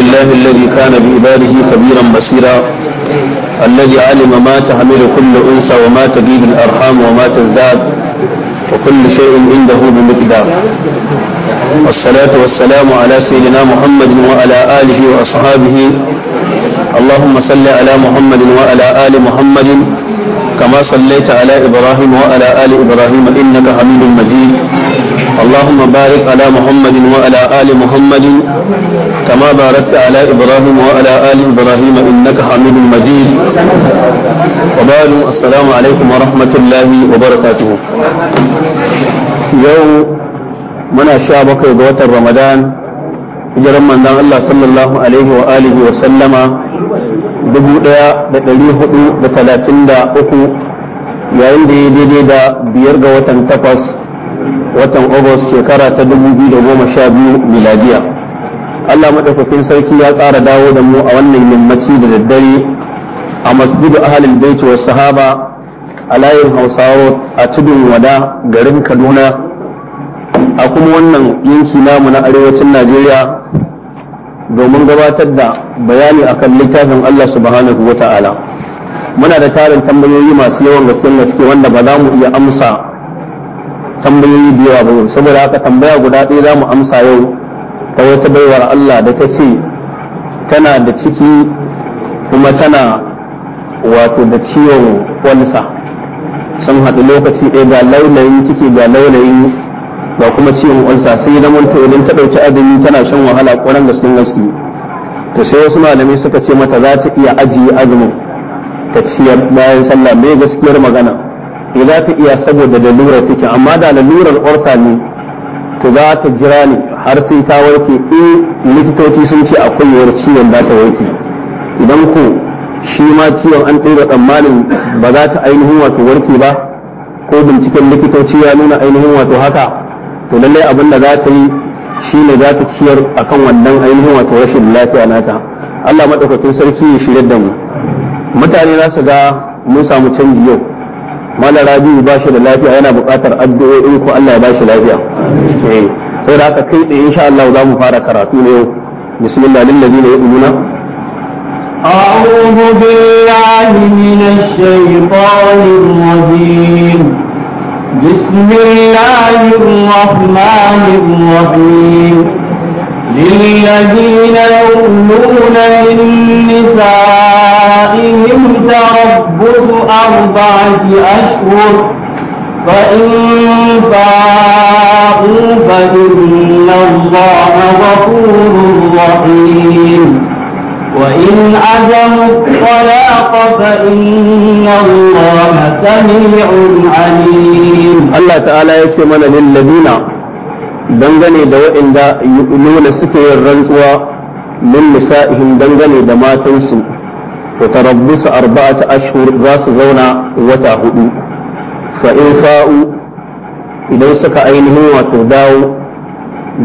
لله الذي كان بعباده خبيرا بصيرا الذي علم ما تحمل كل انثى وما تجيب الارحام وما تزداد وكل شيء عنده بمقدار والصلاة والسلام على سيدنا محمد وعلى آله وأصحابه اللهم صل على محمد وعلى آل محمد كما صليت على إبراهيم وعلى آل إبراهيم إنك حميد مجيد اللهم بارك على محمد وعلى آل محمد كما باركت على إبراهيم وعلى آل إبراهيم إنك حميد مجيد وبعد السلام عليكم ورحمة الله وبركاته يوم من شابك قوة رمضان hijiran manzon Allah sallallahu alaihi wa alihi wa sallama dubu ɗaya da ɗari hudu da talatin da uku yayin da ya daidai da biyar ga watan takwas watan August shekara ta dubu biyu da goma sha 2012 miladiya Allah madafafin sarki ya tsara dawo da mu a wannan yammaci da daddare a masjidu ahalin baiti wasu sahaba a layin Hausawa a tudun wada garin Kaduna a kuma wannan yanki namu na arewacin Najeriya domin gabatar da bayani akan littafin Allah subhanahu wa ta'ala muna da tarin tambayoyi masu yawan gaske gaske wanda ba za mu iya amsa tambayoyi da yawa ba saboda haka tambaya guda ɗaya za mu amsa yau ta wata baiwar Allah da ta ce tana da ciki kuma tana wato da ciwon walsa sun haɗu lokaci ɗaya ga laulayin ciki ga laulayin ba kuma ciwon walsa sai da manta idan ta ɗauki azumi tana shan wahala ƙwarar gaskin gaske Ta sai wasu malami suka ce mata za ta iya ajiye azumin ta ciyar bayan sallah mai gaskiyar magana ya za ta iya saboda da lura cikin amma da lalurar orsa ne to za ta jira ne har sai ta warke in likitoci sun ce akwai yawar ciwon za ta warke idan ko shi ma ciwon an ɗaya tsammanin ba za ta ainihin wato warke ba ko binciken likitoci ya nuna ainihin wato haka to lallai abin da za ta yi shi ne za ta ciyar akan wannan ainihin wato rashin lafiya nata Allah maɗaukakin sarki ya shirya da mu mutane za su ga mun samu canji yau mala rabi ba shi da lafiya yana buƙatar addu'o'i ku Allah ya ba shi lafiya eh sai da kai da insha Allah za mu fara karatu ne bismillah lil ladina yu'minuna a'udhu billahi minash shaytanir rajim بسم الله الرحمن الرحيم للذين يؤمنون من نسائهم تربص أربعة أشهر فإن فاقوا فإن الله غفور رحيم وإن عزموا الطلاق فإن الله سميع عليم الله تعالى يكتمل للذين dangane da waɗanda nuna suke yin rantsuwa min nisa'ihim dangane da matansu to arba'a ta ashhur za su zauna wata hudu fa in fa'u idan suka ainihin wato dawo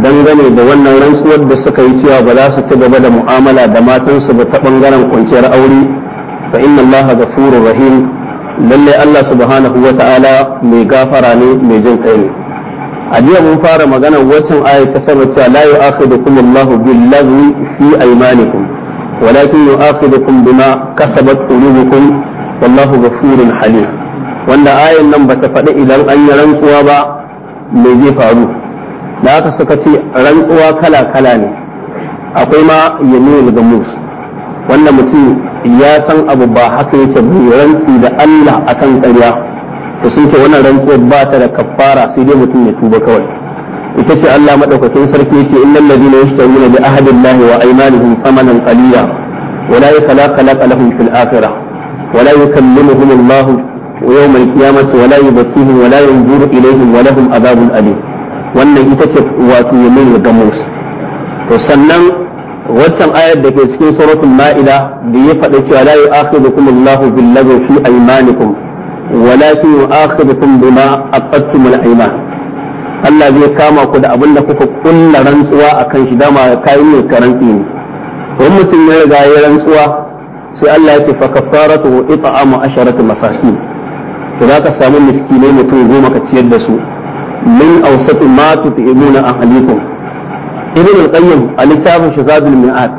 dangane da wannan rantsuwar da suka yi cewa ba za su ci gaba da mu'amala da matansu ba ta bangaren kwanciyar aure fa inna Allah ghafurur rahim lallai Allah subhanahu Ta'ala, mai gafara ne mai jin kai ne a jiya mun fara magana wacin ayat ta sama cewa la yu'akhidukum Allahu bil lagwi fi aymanikum walakin yu'aqibukum bima kasabat qulubukum wallahu ghafurun hali. wanda ayan nan bata faɗi idan an yi rantsuwa ba me zai faru da haka suka ce rantsuwa kala kala ne akwai ma ga gamus wanda mutum ya san abu ba haka yake bai rantsi da Allah a kan ƙarya to sun wannan rantsuwar ba ta da kaffara sai dai mutum ya tuba kawai ita ce Allah madaukakin sarki yake innal ladina yashtaruna bi ahdillahi wa aymanihim thamanan qalila أولئك لا خلق لهم في الآخرة ولا يكلمهم الله يوم القيامة ولا يبكيهم ولا ينظر إليهم ولهم عذاب أليم wannan ita ce wato yamin gamus to sannan waccan ayar da ke cikin suratul ma'ida da ya faɗa cewa la yu'akhidukum Allahu bil lagwi fi aymanikum walakin yu'akhidukum bima aqadtum al ayman Allah zai kama ku da abin da kuka kulla rantsuwa akan shi dama kai ne karanti ne wani mutum ya riga ya rantsuwa sai Allah ya ce fa kafaratu it'amu asharatu masakin to za ka samu miskinai mutum goma ka ciyar da su min awsatu ma tut'imuna ahlikum ibn al-qayyim a littafin shazadul mi'ad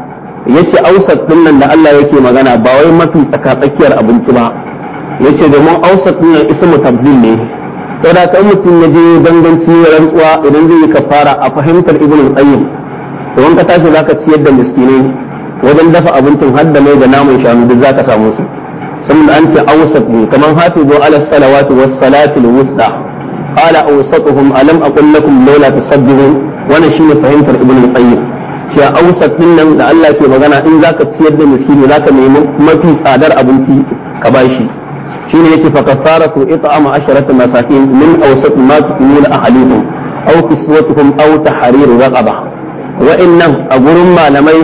yace ausat din nan da Allah yake magana ba wai mafi tsakatsakiyar abinci ba yace domin ausat din nan ismu tabdil ne saboda kan mutum ya je danganci rantsuwa idan zai yi kafara a fahimtar ibn al-qayyim to in ka tashi zaka ciyar da miskinai wajen dafa abincin har da mai da naman shanu duk zaka samu su Sun an ce awsat ne kaman hafizu ala salawati was salati al wusta qala awsatuhum alam aqul lakum laula tasabbihun wannan shine fahimtar ibn al-qayyim cewa awsat din nan da Allah ke magana in zaka ciyar da miskini zaka nemi mafi tsadar abinci ka bashi shine yake fa kafaratu it'am asharata masakin min awsat ma tu'minu ahalikum aw kiswatuhum aw tahriru raqabah wa'annan a gurin malamai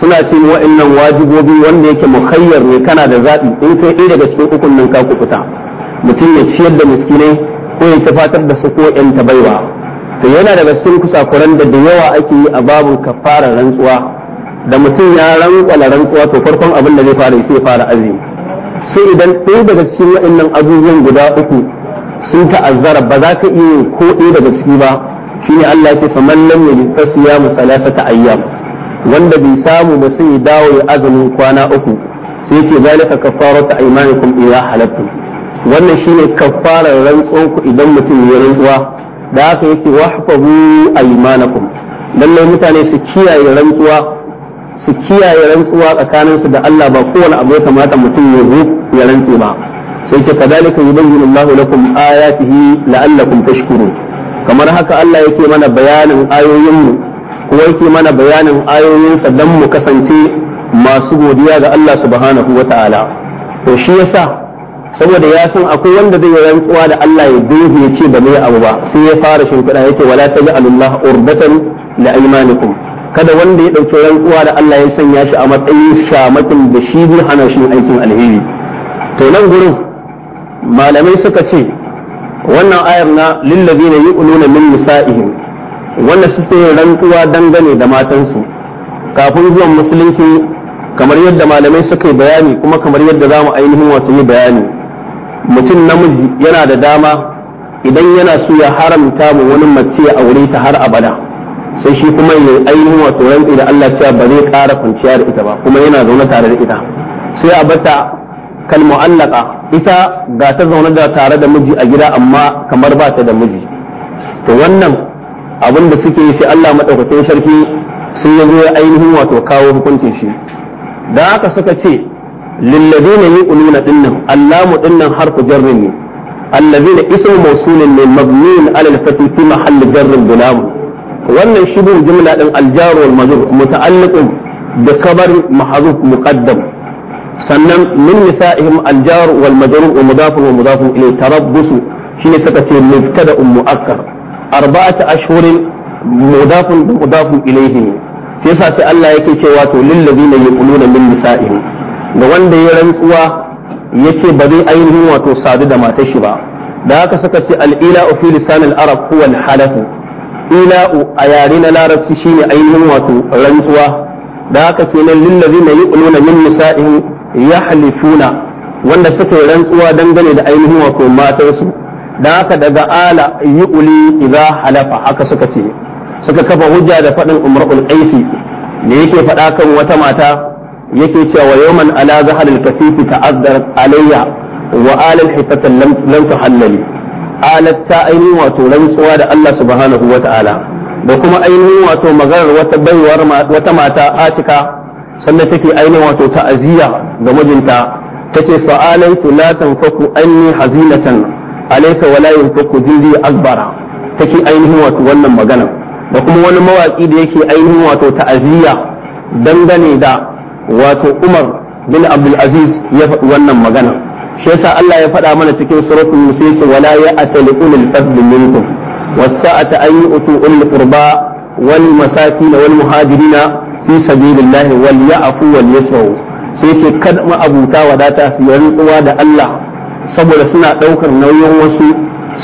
suna ce wa'annan wajibobi wanda yake muhayyar ne kana da zaɓi in kai ɗaya daga cikin ukun nan ka fita, mutum ya ciyar da miskinai ko ya tafatar da su ko yan baiwa to yana daga cikin kusakuran da da yawa ake yi a babin kafara rantsuwa da mutum ya rantsala rantsuwa to farkon abin da zai fara sai fara azumi sai idan ɗaya daga cikin wa'annan abubuwan guda uku sun ta'azzara ba za ka iya ko ɗaya daga ciki ba shine Allah ya ce faman lam yajid fasiyamu salasata ayyam wanda bai samu ba sai dawo ya azumin kwana uku sai yake zalika kafaratu aymanikum idza halaftum wannan shine kafarar rantsuwan ku idan mutum ya rantsuwa da haka yake wahfazu aymanakum lallai mutane su kiyaye rantsuwa su kiyaye rantsuwa tsakaninsu da Allah ba kowane abu ya kamata mutum ya zo ya rantse ba sai ce kadalika yubayyinu Allahu lakum ayatihi la'allakum tashkurun kamar haka Allah yake mana bayanin ayoyinmu ko yake mana bayanin ayoyinsa don mu kasance masu godiya ga Allah subhanahu wa ta'ala to shi yasa saboda ya san akwai wanda zai yi rantsuwa da Allah ya dubi ya ce ba mai abu ba sai ya fara shimfiɗa yake wala taj'alullah urbatan la aymanikum kada wanda ya ɗauki rantsuwa da Allah ya sanya shi a matsayin shamakin da shi zai hana shi aikin alheri to nan gurin malamai suka ce wannan ayar na yi yu'luna min nisa'ihim wanda suke rantsuwa dangane da matansu kafin zuwan musulunci kamar yadda malamai suka yi bayani kuma kamar yadda za mu ainihin wato yi bayani mutum namiji yana da dama idan yana so ya haramta mu wani mace a wuri ta har abada sai shi kuma ya ainihin wato rantsi da Allah cewa ba zai ƙara kwanciya da ita ba kuma yana zaune tare da ita sai a bata allaka. ita ga ta zaune da tare da miji a gida amma kamar ba ta da miji to wannan abin da suke sai Allah madaukakin sarki sun ya zo ainihin wato kawo hukuncin shi da haka suka ce lilladina yuquluna dinnan allamu dinnan harfu jarrin ne الذين اسم موصول من مبني على الفتي في محل جر غلام wannan shibin jumla din aljar wal majrur muta'alliq bi khabar mahdhuf muqaddam sannan min nisa'ihim al-jar wal majrur wa mudaf wa mudaf ilay tarabbus shine suka ce mubtada mu'akkar arba'ata ashhurin mudaf wa mudaf ilayhi sai yasa sai Allah yake cewa to lil ladina yaquluna min nisa'ihim ga wanda ya rantsuwa yace ba zai ainihin wato sadu da matar shi ba da haka suka ce al-ila'u fi lisan al-arab huwa al-halafu ila'u a yare na larabci shine ainihin wato rantsuwa da haka kenan lil ladina yaquluna min nisa'ihim ya halifuna wanda suka yi rantsuwa dangane da ainihin wato matansu da haka daga ala yu'li idza halafa haka suka ce suka kafa hujja da faɗin umrul aisi da yake faɗa kan wata mata yake cewa yawman ala zahar al-kasifi ta'azzar alayya wa alal hitatan lam tuhallali ala ta ainihin wato rantsuwa da Allah subhanahu wa ta'ala da kuma ainihin wato maganar wata baiwar wata mata atika sannan take ainihin wato ta'aziyya ga mijinta tace fa'alaitu la tanfaku anni hazinatan alayka wala yanfaku jindi akbara take ainihin wato wannan magana da kuma wani mawaki da yake ainihin wato ta'aziyya dangane da wato Umar bin Abdul Aziz ya faɗi wannan magana shi yasa Allah ya faɗa mana cikin suratul Musa yake wala ya atali ulul fadl minkum wasa'ata an yu'tu ulul qurba wal masakin wal muhajirin fi sabilillah wal ya'fu wal yasfu sai ke kad ma'abuta wadata su yi rantsuwa da Allah saboda suna ɗaukar nauyin wasu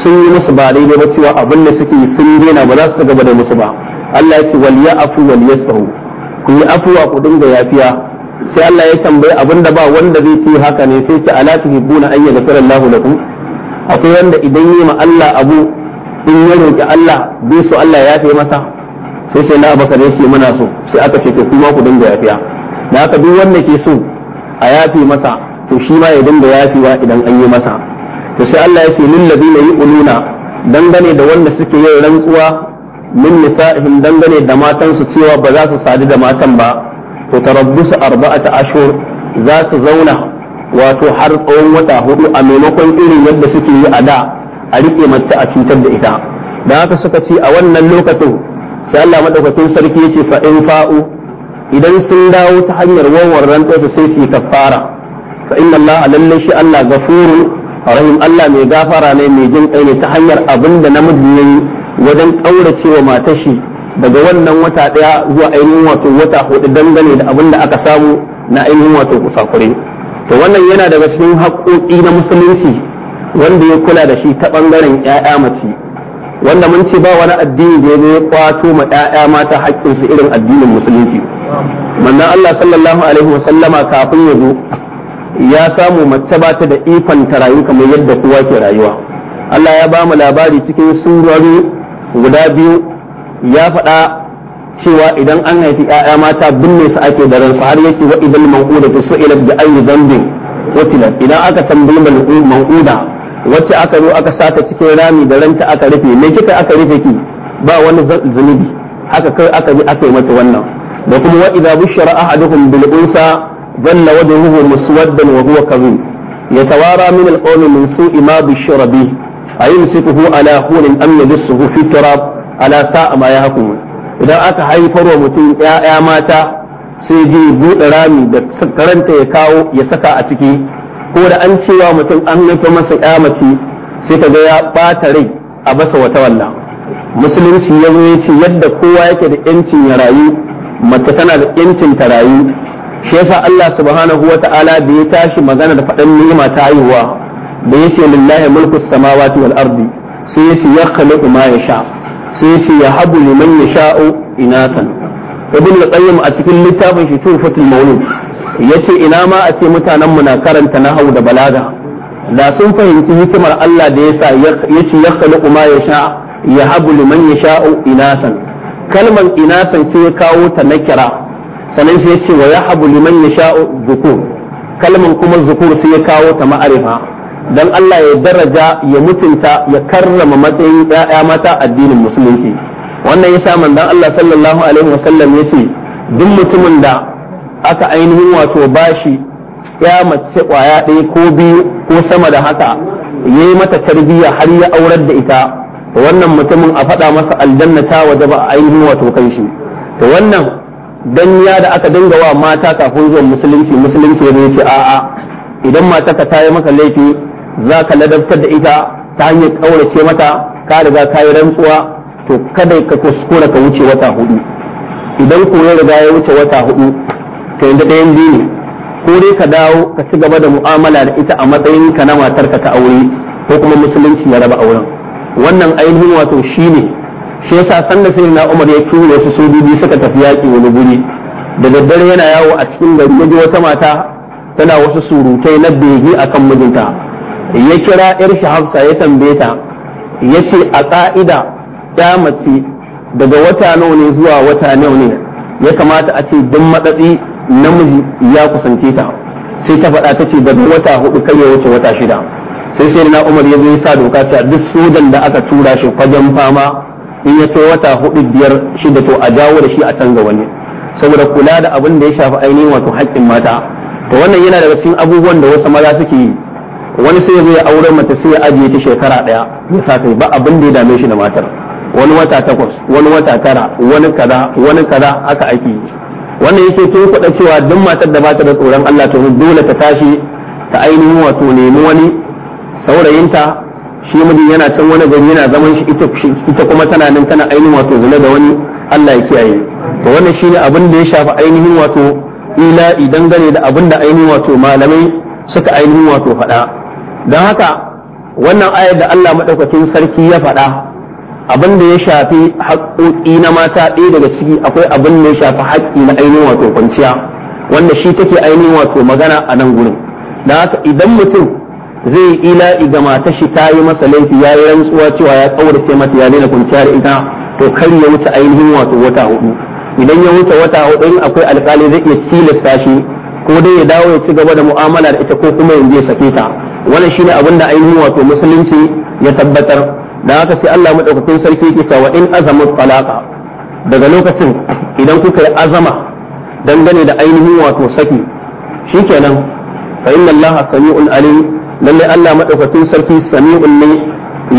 sun yi musu ba daidai ba cewa abin da suke sun daina ba za su gaba da musu ba Allah ya ce wal ya'fu wal yasfahu ku yi afuwa ku dinga yafiya sai Allah ya tambaye abinda da ba wanda zai ce haka ne sai ce ala tuhibbuna an yaghfira Allahu lakum akwai wanda idan yi ma Allah abu in ya roki Allah bai so Allah ya fi masa sai sai na baka ne ce muna so sai aka ce to kuma ku dinga yafiya da haka duk wanda ke so a yafe masa to shi ma ya dinga yafewa idan an yi masa to sai Allah yake lil ladina yu'minuna dangane da wanda suke yin rantsuwa min nisa'ihim dangane da matansu cewa ba za su sadu da matan ba to tarabbusu arba'ata ashhur za su zauna wato har tsawon wata hudu a maimakon irin yadda suke yi a da a rike mace a cutar da ita da haka suka ce a wannan lokacin sai Allah madaukakin sarki yake fa in fa'u idan sun dawo ta hanyar wawar rantsuwarsu sai su yi kafara fa inna Allah lalle shi Allah Gafuru, rahim Allah mai gafara ne mai jin kai ne ta hanyar abin da namiji yayi wajen kaurace wa matar shi daga wannan wata daya zuwa ainihin wato wata hudu dangane da abin da aka samu na ainihin wato kusakure to wannan yana daga cikin haƙoƙi na musulunci wanda ya kula da shi ta bangaren ƴaƴa mace wanda mun ce ba wani addini da ya kwato ma ƴaƴa mata haƙƙinsu irin addinin musulunci manna Allah sallallahu alaihi wasallama kafin ya zo ya samu mace ba ta da ikon ta rayu kamar yadda kowa ke rayuwa Allah ya ba mu labari cikin surori guda biyu ya faɗa cewa idan an haifi ‘ya'ya mata binne su ake da ransu har yake wa idan man'uda ta su'ila da ayi zambin watilar idan aka tambayi man'uda wacce aka zo aka saka cikin rami da ranta aka rufe me kika aka rufe ki ba wani zunubi haka kai aka bi aka yi mata wannan da kuma wa idza bushira ahaduhum bil unsa dhalla wajhuhu muswaddan wa huwa kadhib yatawara min al qawmi min su'i ma bushira bi ayumsikuhu ala hunin am yadsuhu fi turab ala sa'a ma yahkumun idan aka haifar wa mutum ya'ya mata sai je buɗe rami da karanta ya kawo ya saka a ciki ko da an cewa mutum an nufa masa ya mace sai ka ga ya ɓata rai a basa wata wannan musulunci ya zo ya ce yadda kowa yake da yancin ya rayu mace tana da yancin ta rayu shi yasa Allah subhanahu wa ta'ala da ya tashi magana da faɗan ni'ima ta haihuwa da yace lillahi mulku samawati wal ardi sai yace ya khaliqu ma yasha sai yace ya habu liman yasha'u inasan ibn qayyim a cikin littafin shi tufatul mawlud yace ina ma a ce mutanen mu na karanta nahwu da balaga da sun fahimci hikimar Allah da yasa yace ya khaliqu ma yasha ya habu liman yasha'u inasan kalman inasan sai ya kawo ta na kira sannan sai ya ce wa yahabu liman yasha'u zukur kalman kuma zukur sai ya kawo ta ma'arifa dan Allah ya daraja ya mutunta ya karrama matsayin ɗaya mata addinin musulunci wannan yasa manzon Allah sallallahu alaihi wasallam yace duk mutumin da aka ainihin wato bashi ya mace kwaya ɗaya ko biyu ko sama da haka yayi mata tarbiyya har ya aurar da ita wannan mutumin a faɗa masa aljanna ta waje ba ainihin wato kan shi to wannan danya da aka dinga wa mata kafin zuwan musulunci musulunci ya ce a'a idan mata ka tayi maka laifi za ka ladabtar da ita ta hanyar kaurace mata ka riga ka yi rantsuwa to kada ka kuskura ka wuce wata hudu idan ko ya riga ya wuce wata hudu to yanda ɗayan biyu ko dai ka dawo ka ci gaba da mu'amala da ita a matsayin ka na matarka ta aure ko kuma musulunci ya raba auren wannan ainihin wato shine shi yasa sanda sai na Umar ya tura wasu sojoji suka tafi yaki wani guri da daddare yana yawo a cikin gari ya ji wata mata tana wasu surutai na bege akan mijinta ya kira yar shi Hafsa ya tambaye ta yace a ƙa'ida ya mace daga wata nawa ne zuwa wata nawa ne ya kamata a ce duk matsatsi namiji ya kusance ta sai ta faɗa ta ce daga wata hudu kai ya wuce wata shida sai sai na umar ya zo ya sa doka cewa duk sojan da aka tura shi fagen fama in ya to wata hudu biyar shida to a jawo da shi a canza wani saboda kula da abin da ya shafi ainihin wato haƙƙin mata to wannan yana daga cikin abubuwan da wasu maza suke yi wani sai zai aure mata sai ya ajiye ta shekara ɗaya ya sa kai ba abin da ya dame shi da matar wani wata takwas wani wata tara wani kaza wani kaza haka ake yi wannan yake tun kuɗa cewa duk matar da ba ta da tsoron Allah to dole ta tashi ta ainihin wato nemi wani saurayinta shi mudin yana can wani gari yana zaman shi ita kuma tana nan tana ainihin wato zule da wani Allah ya kiyaye to wannan shine abin da ya shafi ainihin wato idan gane da abin da ainihin wato malamai suka ainihin wato faɗa don haka wannan ayar da Allah madaukakin sarki ya faɗa abin da ya shafi haƙoƙi na mata ɗaya daga ciki akwai abin da ya shafi haƙƙi na ainihin wato kwanciya wanda shi take ainihin wato magana a nan gurin don haka idan mutum zai ila ga matar shi ta yi masa laifi ya yi rantsuwa cewa ya kaurace mata ya daina kwanciya da ita to kar ya wuce ainihin wato wata hudu idan ya wuce wata hudu in akwai alkali zai iya tilasta shi ko dai ya dawo ya ci gaba da mu'amala da ita ko kuma yanzu ya sake ta wannan shine abin da ainihin wato musulunci ya tabbatar da haka sai Allah madaukakin sarki yake cewa in azamu talaqa daga lokacin idan kuka yi azama dangane da ainihin wato saki shikenan fa inna Allah sami'un alim Lallai Allah madaukakin sarki sami'un ne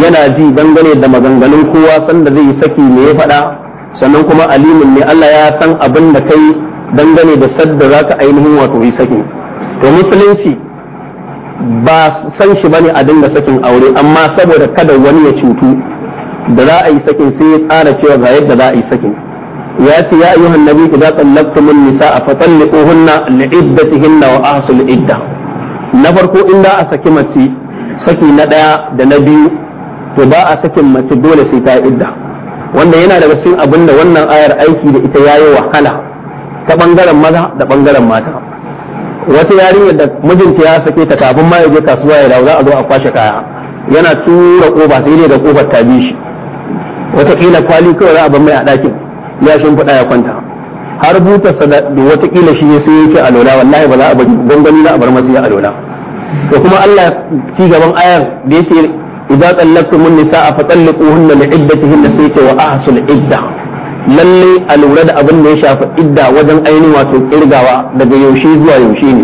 yana ji dangane da maganganun kowa sanda zai yi saki me ya faɗa sannan kuma alimin ne Allah ya san abin da kai dangane da sadda za ka ainihin wato yi saki to musulunci ba san shi bane a dinga sakin aure amma saboda kada wani ya cutu da za a yi sakin sai ya tsara cewa ga yadda za a yi sakin ya ce ya ayyuhan nabi idza tallaqtumun nisaa fatalliquhunna li'iddatihinna wa ahsul iddah na farko in za a saki mace saki na ɗaya da na biyu to ba a sakin mace dole sai ta idda wanda yana daga cikin abin da wannan ayar aiki da ita ya yi wahala ta bangaren maza da bangaren mata wata yarinyar da mijinta ya sake ta kafin ma ya je kasuwa ya dawo za a zo a kwashe kaya yana tura koba sai dai da ta bi shi watakila kwali kawai za a bar mai a ɗakin ya shimfiɗa ya kwanta har butarsa da watakila shi ne sai yake alola wallahi ba za a bari gwangwani za a bar masu ya alola to kuma Allah ci gaban ayar da yake idza tallaqtumun nisaa fa talliquhunna li iddatihinna sai ce wa ahsul idda lalle a lura da abin da ya shafi idda wajen ainihin wato kirgawa daga yaushe zuwa yaushe ne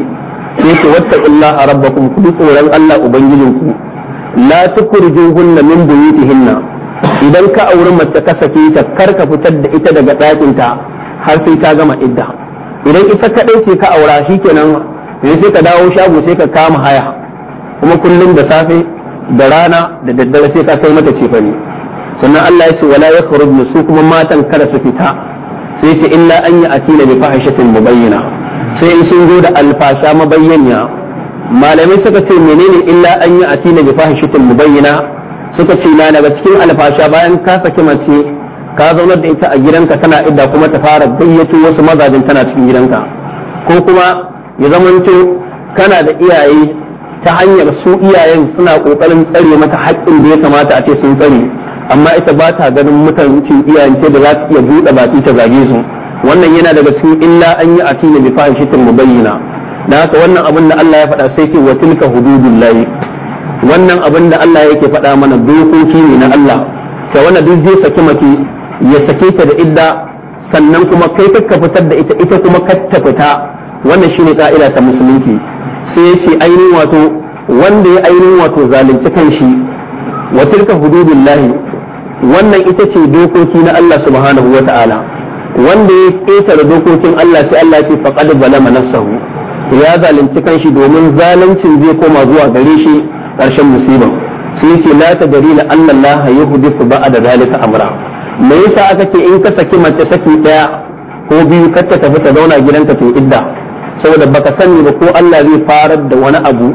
sai ce wattaqullaha rabbakum ku tsoron Allah ubangijinku la tukrijuhunna min buyutihinna idan ka auri mace ka sake ta karka fitar da ita daga ɗakinta har sai ta gama idda idan ita kaɗai ce ka aura shikenan yanzu sai ka dawo shago sai ka kama haya kuma kullum da safe da rana da daddare sai ka kai mata cefane sannan Allah ya ce wala yakhrujna su kuma matan kada su fita sai ce illa an yi atina bi fahishatin mubayyana sai in sun zo da alfasha mabayyana malamai suka ce menene illa an yi atina bi fahishatin mubayyana suka ce na daga cikin alfasha bayan ka saki mace ka zaunar da ita a gidanka tana idda kuma ta fara gayyato wasu mazajin tana cikin gidanka ko kuma ya zamanto kana da iyaye ta hanyar su iyayen suna ƙoƙarin tsare mata haƙƙin da ya kamata a ce sun tsare amma ita ba ta ganin mutuncin iyayen ce da za su iya buɗe baki ta zage su wannan yana daga cikin illa an yi atina bi fahishatin mubayyina dan haka wannan abin da Allah ya faɗa sai ce wa tilka hududullahi wannan abin da Allah yake faɗa mana dokoki ne na Allah ta wanda duk zai saki maki ya sake ta da idda sannan kuma kai ka fitar da ita ita kuma ka ta fita wannan shine ka'ida ta musulunci sai yace ainihin wato wanda ya ainihin wato zalunci kanshi wa tilka hududullahi wannan ita ce dokoki na Allah subhanahu wa wanda ya ƙetare dokokin Allah sai Allah ce faqad balama nafsahu ya zalunci kanshi domin zaluncin zai koma zuwa gare shi ƙarshen musiba sai yace la tadri la anna Allah yuhdithu ba'da zalika amra me yasa aka ce in ka saki mace saki daya ko biyu kar ta tafi ta zauna gidanka to idda saboda baka sani ba ko Allah zai farar da wani abu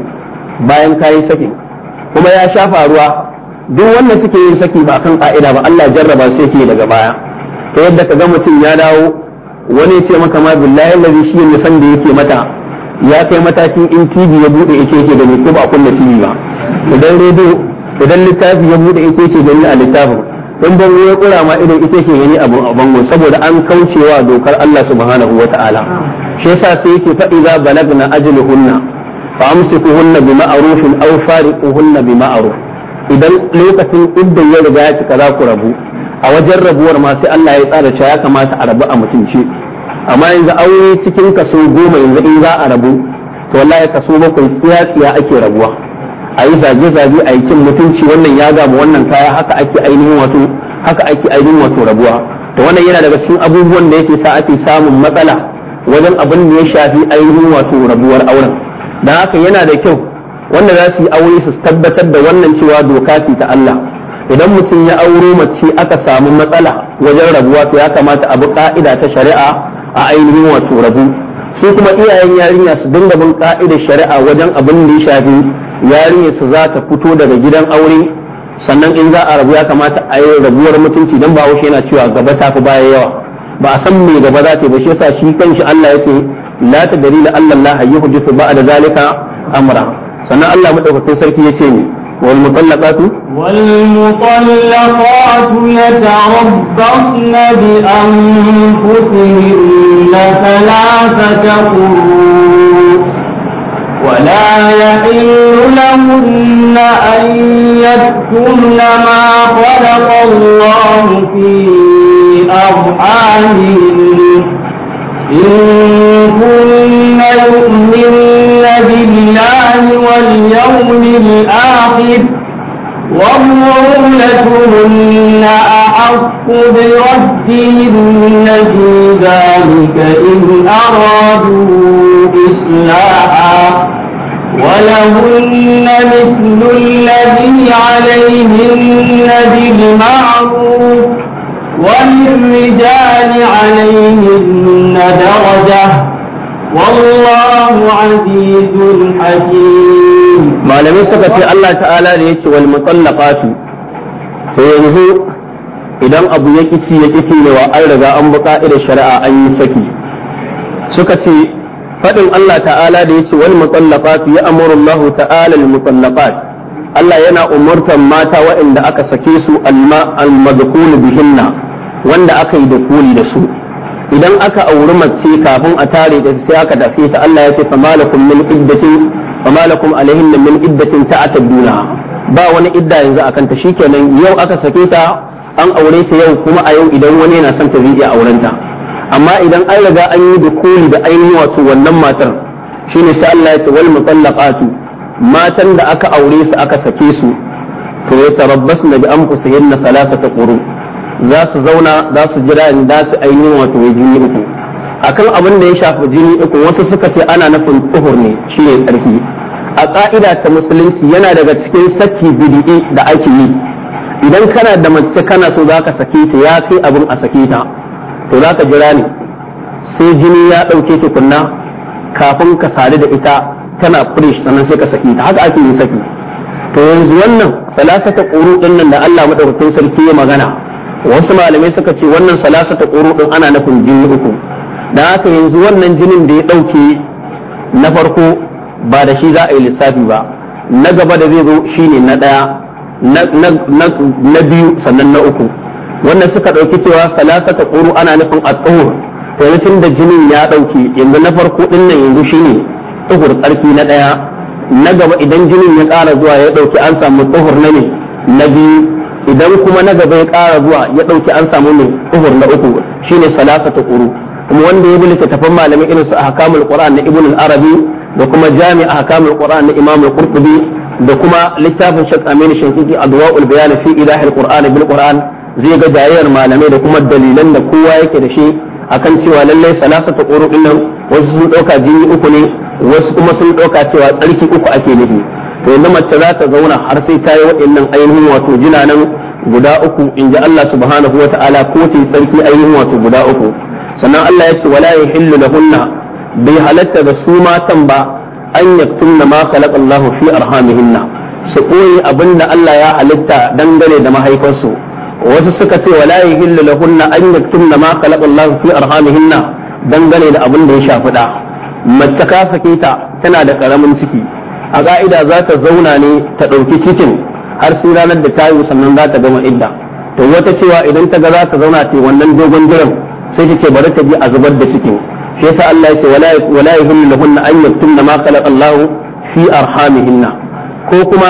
bayan kayi saki kuma ya sha faruwa duk wanda suke yin saki ba kan ka'ida ba Allah jarraba su ke daga baya ta yadda ka ga mutum ya dawo wani ce maka ma billahi allazi shi ne san da yake mata ya kai matakin in TV ya bude yake yake da ko ba kunna TV ba idan rediyo idan littafi ya bude yake yake gani a littafin don ban ya kura ma idan yake yake gani a bango saboda an kaucewa dokar Allah subhanahu wataala shi yasa sai yake faɗi za balagna ajluhunna fa amsikuhunna bi ma'ruf aw fariquhunna bi ma'ruf idan lokacin idan ya riga ya cika za ku rabu a wajen rabuwar ma sai Allah ya tsara cewa ya kamata a rabu a mutunci amma yanzu aure cikin kaso goma yanzu in za a rabu to wallahi kaso bakwai tsiya tsiya ake rabuwa a yi zage zage a yi cin mutunci wannan ya ma wannan kaya haka ake ainihin wato haka ake ainihin wato rabuwa to wannan yana daga cikin abubuwan da yake sa ake samun matsala wajen abin da ya shafi ainihin wato rabuwar auren da haka yana da kyau wanda za su yi aure su tabbatar da wannan cewa doka ce ta Allah idan mutum ya auro mace aka samu matsala wajen rabuwa to ya kamata abu ka'ida ta shari'a a ainihin wato rabu su kuma iyayen yarinya su dinga bin ka'idar shari'a wajen abin da ya shafi yarinya su za ta fito daga gidan aure sannan in za a rabu ya kamata a yi rabuwar mutunci don ba yana cewa gaba ta fi baya yawa ba a san me gaba za ta ba shi yasa shi kanshi Allah yake la ta dalila Allah la yuhdithu da zalika amra sannan Allah madaukakin sarki yace ni wal mutallaqatu wal mutallaqatu yatarabbasna bi anfusihinna thalathata qurun ولا يحل لهن أن يكتمن ما خلق الله في أرحامهم إن كن يؤمن بالله واليوم الآخر وبعولتهن أحق بردهن في ذلك إن أرادوا إصلاحا ولهن مثل الذي عليهن بالمعروف وللرجال عليهن درجة والله عزيز حكيم ما لم يسبت الله تعالى ليش والمطلقات فينزو idan abu ya kici ya kici ne wa an riga an buka irin shari'a an yi saki suka ce faɗin Allah ta'ala da yace wal mutallaqat ya amuru Allah ta'ala al mutallaqat Allah yana umurtan mata waɗanda aka sake su almadkhulu bihinna wanda aka yi dukuli da su idan aka auri mace kafin a tare da sai aka tafi ta Allah ya ce fa malakum min iddatin fa malakum alaihin min iddatin ba wani idda yanzu akan ta shikenan yau aka sake ta an aure ta yau kuma a yau idan wani yana son ta zai iya auren ta amma idan an riga an yi dukuli da ainihi wato wannan matar shine sai Allah ya ce wal mutallaqatu matan da aka aure su aka sake su to ya tarabbas na bi anfusihin na ta ƙuru za su zauna za su jira in za su ainihin wato jini uku akan abin da ya shafi jini uku wasu suka ce ana nufin tuhur ne shi ne tsarki a ƙa'ida ta musulunci yana daga cikin saki bidi'i da ake yi idan kana da mace kana so za ka sake ta ya kai abin a sake ta to za ka jira ne sai jini ya ɗauke tukunna kafin ka sadu da ita kana fresh sannan sai ka saki ta haka ake yin saki to yanzu wannan salasata quru din nan da Allah madaukakin sarki ya magana wasu malamai suka ce wannan salasata quru din ana nufin jini uku da haka yanzu wannan jinin da ya dauke na farko ba da shi za a yi lissafi ba na gaba da zai zo shine na daya na biyu sannan na uku wannan suka dauki cewa salasata quru ana nufin at-tuhur to da jinin ya dauke yanzu na farko din nan yanzu shine tuhur tsarki na ɗaya na gaba idan jinin ya ƙara zuwa ya ɗauki an samu tuhur na ne na biyu idan kuma na gaba ya ƙara zuwa ya ɗauki an samu ne tuhur na uku shine salasa ta kuru kuma wanda ya bi littattafan malamin irin su ahkamul qur'an na ibn al-arabi da kuma jami ahkamul qur'an na imam al-qurtubi da kuma littafin shak aminu shankiki adwa'ul bayan fi ilahil qur'an bil qur'an zai ga jayayyar malamai da kuma dalilan da kowa yake da shi akan cewa lallai salasa ta kuru nan wasu sun ɗauka jini uku ne wasu kuma sun ɗauka cewa tsarki uku ake nufi to yanzu mace za ta zauna har sai ta yi waɗannan ainihin wato nan guda uku in ji Allah subhanahu wa ta'ala ko ta yi tsarki ainihin wato guda uku sannan Allah ya ce wala ya yahillu hunna bai halatta da su matan ba an yaktumna ma khalaqa Allahu fi arhamihinna su koyi abinda Allah ya halitta dangane da mahaifansu wasu suka ce wala ya yahillu hunna an yaktumna ma khalaqa Allahu fi arhamihinna dangane da abinda ya shafi da mace ka sake ta tana da karamin ciki a ka'ida za ta zauna ne ta ɗauki cikin har sai ranar da ta yi sannan za ta gama idda to wata cewa idan ta ga za ta zauna ta wannan dogon jiran sai ta ce bari ta bi a zubar da cikin shi yasa Allah ya ce wala yahillu lahunna an yaktumna ma khalaqa Allah fi arhamihinna ko kuma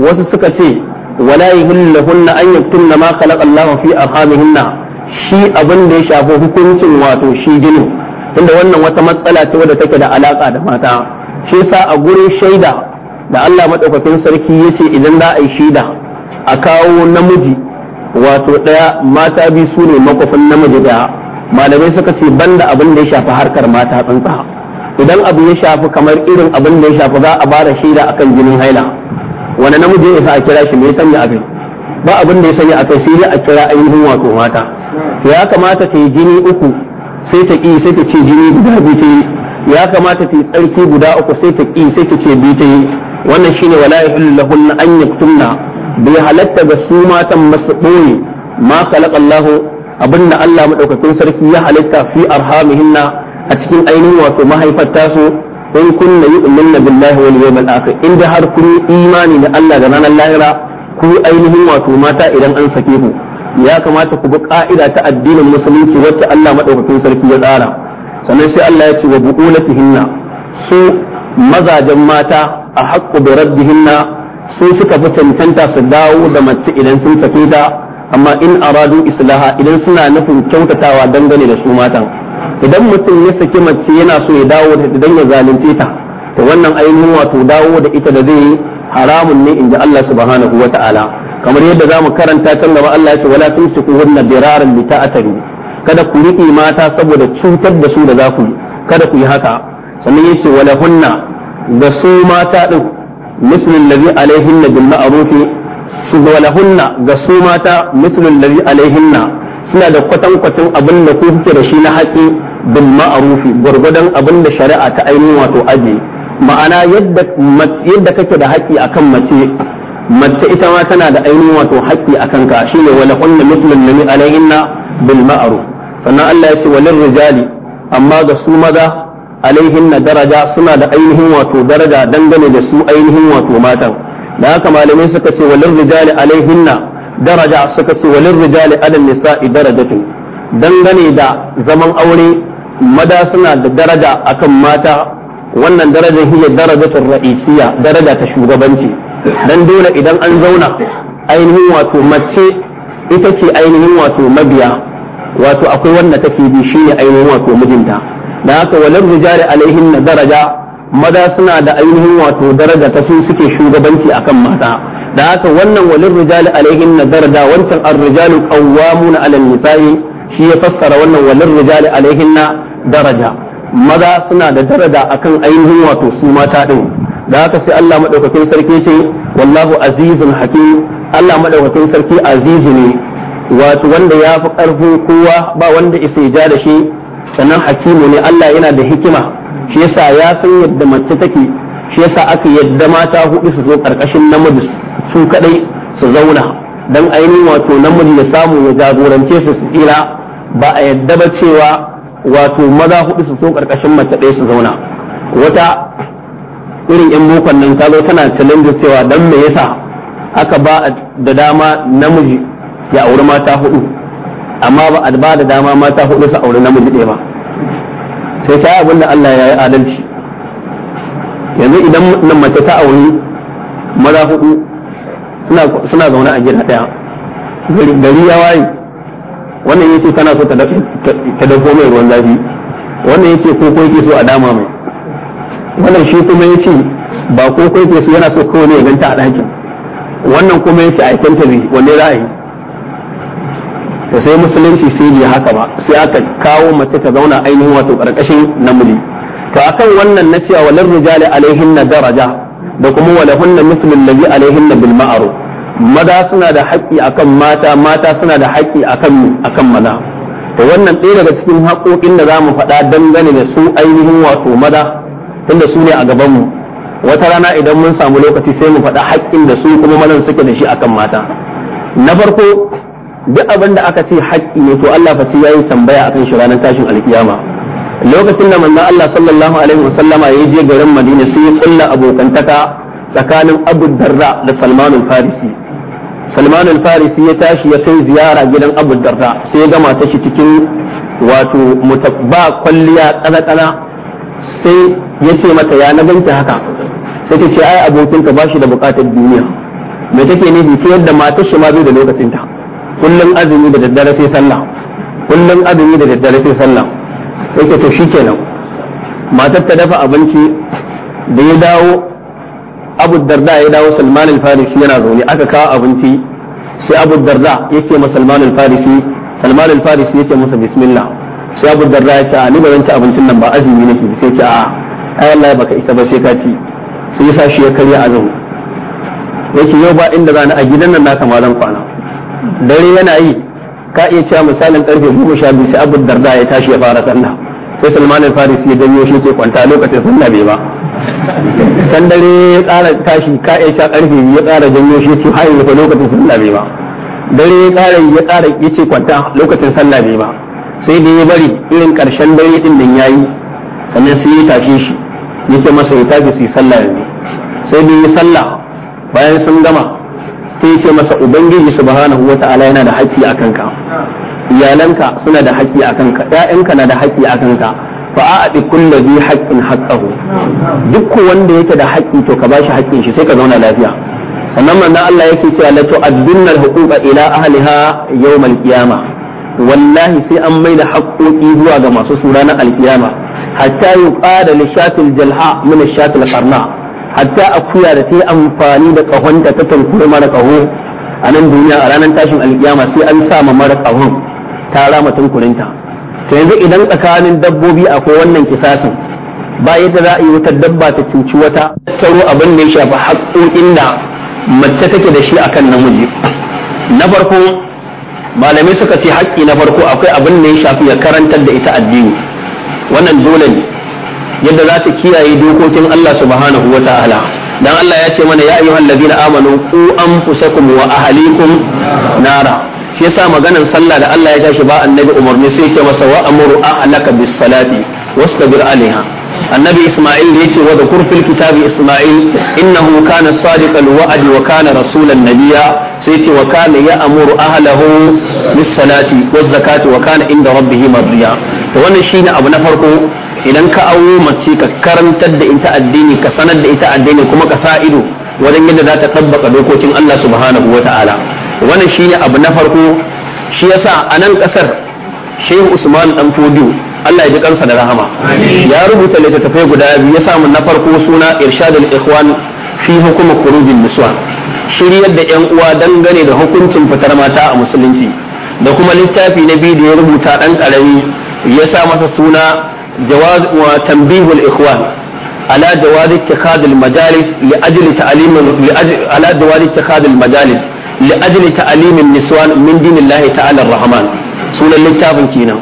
wasu suka ce wala yahillu lahunna an yaktumna ma khalaqa Allah fi arhamihinna shi abin da ya shafi hukuncin wato shi jinin tunda wannan wata matsala ce wadda take da alaka da mata shi yasa a gurin shaida da Allah madaukakin sarki yace idan za a yi shaida a kawo namiji wato daya mata biyu su ne makofin namiji daya malamai suka ce banda abin da ya shafi harkar mata tsantsa idan abu ya shafi kamar irin abin da ya shafi za a bada shaida akan jinin haila wani namiji ya sa a kira shi Me ya sanya abin ba abin da ya sanya akai sai a kira ainihin wato mata ya kamata ta yi jini uku sai ta sai ta ce jini guda biyu ta yi ya kamata ta yi tsarki guda uku sai ta ƙi sai ta ce biyu ta yi wannan shine wala yahillu lahunna an yaktumna bai halatta ga su matan masu ɓoye ma khalaqallahu abinda Allah madaukakin sarki ya halitta fi arhamihinna a cikin ainihin wato mahaifar su in kunna yu'minna billahi wal yawmil akhir inda har kun imani da Allah da ranar lahira ku ainihin wato mata idan an sake ku ya kamata ku bi ka'ida ta addinin musulunci wacce Allah madaukakin sarki ya tsara sannan sai Allah ya ce wa hinna. su mazajen mata a haqqu bi hinna, su suka fi cancanta su dawo da mace idan sun sake ta amma in aradu islaha idan suna nufin kyautatawa dangane da su matan idan mutum ya saki mace yana so ya dawo da idan ya zalunce ta to wannan ainihin wato dawo da ita da zai haramun ne ji Allah subhanahu wa ta'ala kamar yadda za mu karanta can gaba Allah ya ce wala tumsiku hunna diraran li ta'tadu kada ku riƙe mata saboda cutar da su da za ku kada ku yi haka sannan yace wala hunna ga su mata din mislul ladhi alaihinna bil ma'ruf su wala hunna ga su mata mislul ladhi alaihinna suna da kwatankwacin abin da ku kuke da shi na haƙi bil ma'ruf gurgudan abin da shari'a ta ainihin wato aje ma'ana yadda yadda kake da haƙi akan mace mace ita ma tana da ainihin wato haƙƙi a kanka shi ne wani kunna mislun nami alaihinna bil ma'ruf sannan Allah ya ce walil rijali amma ga su maza alaihinna daraja suna da ainihin wato daraja dangane da su ainihin wato matan da haka malamai suka ce walil rijali alaihinna daraja suka ce walil rijali alal nisa'i darajatu dangane da zaman aure maza suna da daraja akan mata wannan darajar hiya darajatul ra'isiyya daraja ta shugabanci dan dole idan an zauna ainihin wato mace ita ce ainihin wato mabiya wato akwai wanda take bi shine ainihin wato mijinta da haka walar rijali alaihin na daraja maza suna da ainihin wato daraja ta su suke shugabanci akan mata da haka wannan walar rijali alaihin na daraja wancan ar-rijalu qawwamuna 'ala nisa'i shi ya fassara wannan walar rijali alaihin na daraja maza suna da daraja akan ainihin wato su mata din da haka sai Allah maɗaukacin sarki ce wallahu azizun hakim Allah maɗaukakin sarki azizu ne wato wanda ya fi ƙarfin kowa ba wanda isa ja da shi sannan hakimu ne Allah yana da hikima shi yasa ya san yadda mace take shi yasa aka yadda mata hudu su zo ƙarƙashin namiji su kaɗai su zauna dan ainihin wato namiji ya samu ya jagorance su su tsira ba a yadda ba cewa wato maza hudu su zo ƙarƙashin mace ɗaya su zauna wata irin yan bokon nan ta zo tana challenge cewa dan me yasa aka ba da dama namiji ya auri mata hudu amma ba a ba da dama mata hudu su auri namiji ɗaya ba sai ta abin da Allah ya yi adalci yanzu idan nan mace ta auri maza hudu suna zaune a gida ɗaya gari ya waye wannan yace tana so ta dauko mai ruwan zafi wannan yace ko ko yake so a dama mai wannan shi kuma ya ce ba ko kai ke yana so kawai ne ya ganta a ɗakin wannan kuma ya ce a kanta ne wanne za a yi to sai musulunci sai bai haka ba sai aka kawo mace ta zauna ainihin wato ƙarƙashin namiji to akan wannan na cewa walar rijali alaihin na daraja da kuma walahun na musulun lazi alaihin na bil ma'aru maza suna da haƙƙi akan mata mata suna da haƙƙi akan akan maza to wannan ɗaya daga cikin haƙoƙin da za mu faɗa dangane da su ainihin wato maza tunda su ne a gabanmu wata rana idan mun samu lokaci sai mu faɗa haƙƙin da su kuma manan suke da shi akan mata na farko duk abin da aka ce haƙƙi ne to Allah fa ya yi tambaya akan shi ranar tashin alkiyama lokacin da manzon Allah sallallahu alaihi wasallama ya je garin Madina sai ya kulla abokantaka tsakanin Abu Darda da Salman al-Farisi Salman al-Farisi ya tashi ya kai ziyara gidan Abu Darda sai ya gama ta shi cikin wato mutabba kwalliya tsana-tsana sai ya ce mata ya na ganke haka sai ta ce ai abokinka ba shi da bukatar duniya me take nufi ta yadda matar shi ma bai da lokacinta kullum azumi da daddare sai sallah kullum azumi da daddare sai sallah sai ke shi kenan matar ta dafa abinci da ya dawo abu darda ya dawo salman al-farisi yana zaune aka kawo abinci sai abu darda yake ma salman al-farisi salman al-farisi yake masa bismillah sai abu darda ya ce a ni ba zan ci abincin nan ba azumi nake sai ce a ai Allah baka isa ba sai ka ci sai ya sa shi ya karya azumi yake yau ba inda zan a gidan nan naka kama zan kwana dare yana yi ka iya cewa misalin karfe goma sha biyu sai abu darda ya tashi ya fara sallah sai salman al-farisi ya danyo shi ce kwanta lokacin sunna bai ba san dare ya tsara tashi ka iya cewa karfe ya tsara janyo shi ce hayi lokacin sunna bai ba dare ya tsara ya tsara ya ce kwanta lokacin sallah bai ba sai da ya bari irin ƙarshen dare din nan yayi sannan sai ya tashe shi yake masa ya tafi su yi sallah ne sai da ya sallah bayan sun gama sai ce masa ubangiji subhanahu wata'ala yana da haƙƙi a kanka iyalanka suna da haƙƙi a kanka ƴaƴanka na da haƙƙi a kanka fa a'ti kulla dhi haƙƙin haqqahu duk wanda yake da haƙƙi to ka bashi haƙƙin shi sai ka zauna lafiya sannan manzon Allah yake cewa la tu'addunna al-huquqa ila ahliha yawm qiyamah wallahi sai an maida haƙoƙi zuwa ga masu su ranar alkiyama hatta yi ƙada lishatil jalha min lishatil karna hatta akuya da ta yi amfani da ƙahonta ta tankuri mara ƙaho a nan duniya a ranar tashin alkiyama sai an sa ma mara ƙahon ta rama tunkurinta to yanzu idan tsakanin dabbobi akwai wannan kisasin ba yadda za a yi wata dabba ta cuci wata tsaro abin da ya shafi haƙoƙin da mace take da shi akan namiji na farko malamai suka ce haƙƙi na farko akwai abin da ya shafi ya karantar da ita addini wannan dole ne yadda za ta kiyaye dokokin Allah subhanahu wa ta'ala dan Allah ya ce mana ya ayyuhal ladina amanu ku anfusakum wa ahlikum nara shi yasa maganar sallah da Allah ya tashi ba annabi umarni sai ya masa wa amru ahlaka bis salati wastabir alaiha annabi isma'il ya ce wa da kurfil kitabi isma'il innahu kana sadiqal wa'd wa kana rasulan nabiyya sai ce wa kana ya amuru ahlahu bis salati waz zakati wa kana inda rabbihi mardiya to wannan shine abu na farko idan ka awo mace ka karantar da ita addini ka sanar da ita addini kuma ka sa ido wajen yadda za ta tabbaka dokokin Allah subhanahu wata'ala wannan shine abu na farko shi yasa a nan kasar Shehu Usman Dan Fodiyo Allah ya ji kansa da rahama ya rubuta littattafai guda biyu ya samu na farko suna irshadul ikhwan fi hukum khurujin niswan shiryar da ‘yan uwa dangane da hukuncin fitar mata a musulunci da kuma littafi na biyu da ya rubuta ɗan ƙarami ya sa masa suna jawazin tambihul ikhwan ala jawazi ittikhadul majalis li ajli ta'limin ala jawazi ittikhadul majalis li ajli ta'limin niswan min dinillahi ta'ala arrahman sunan littafin kenan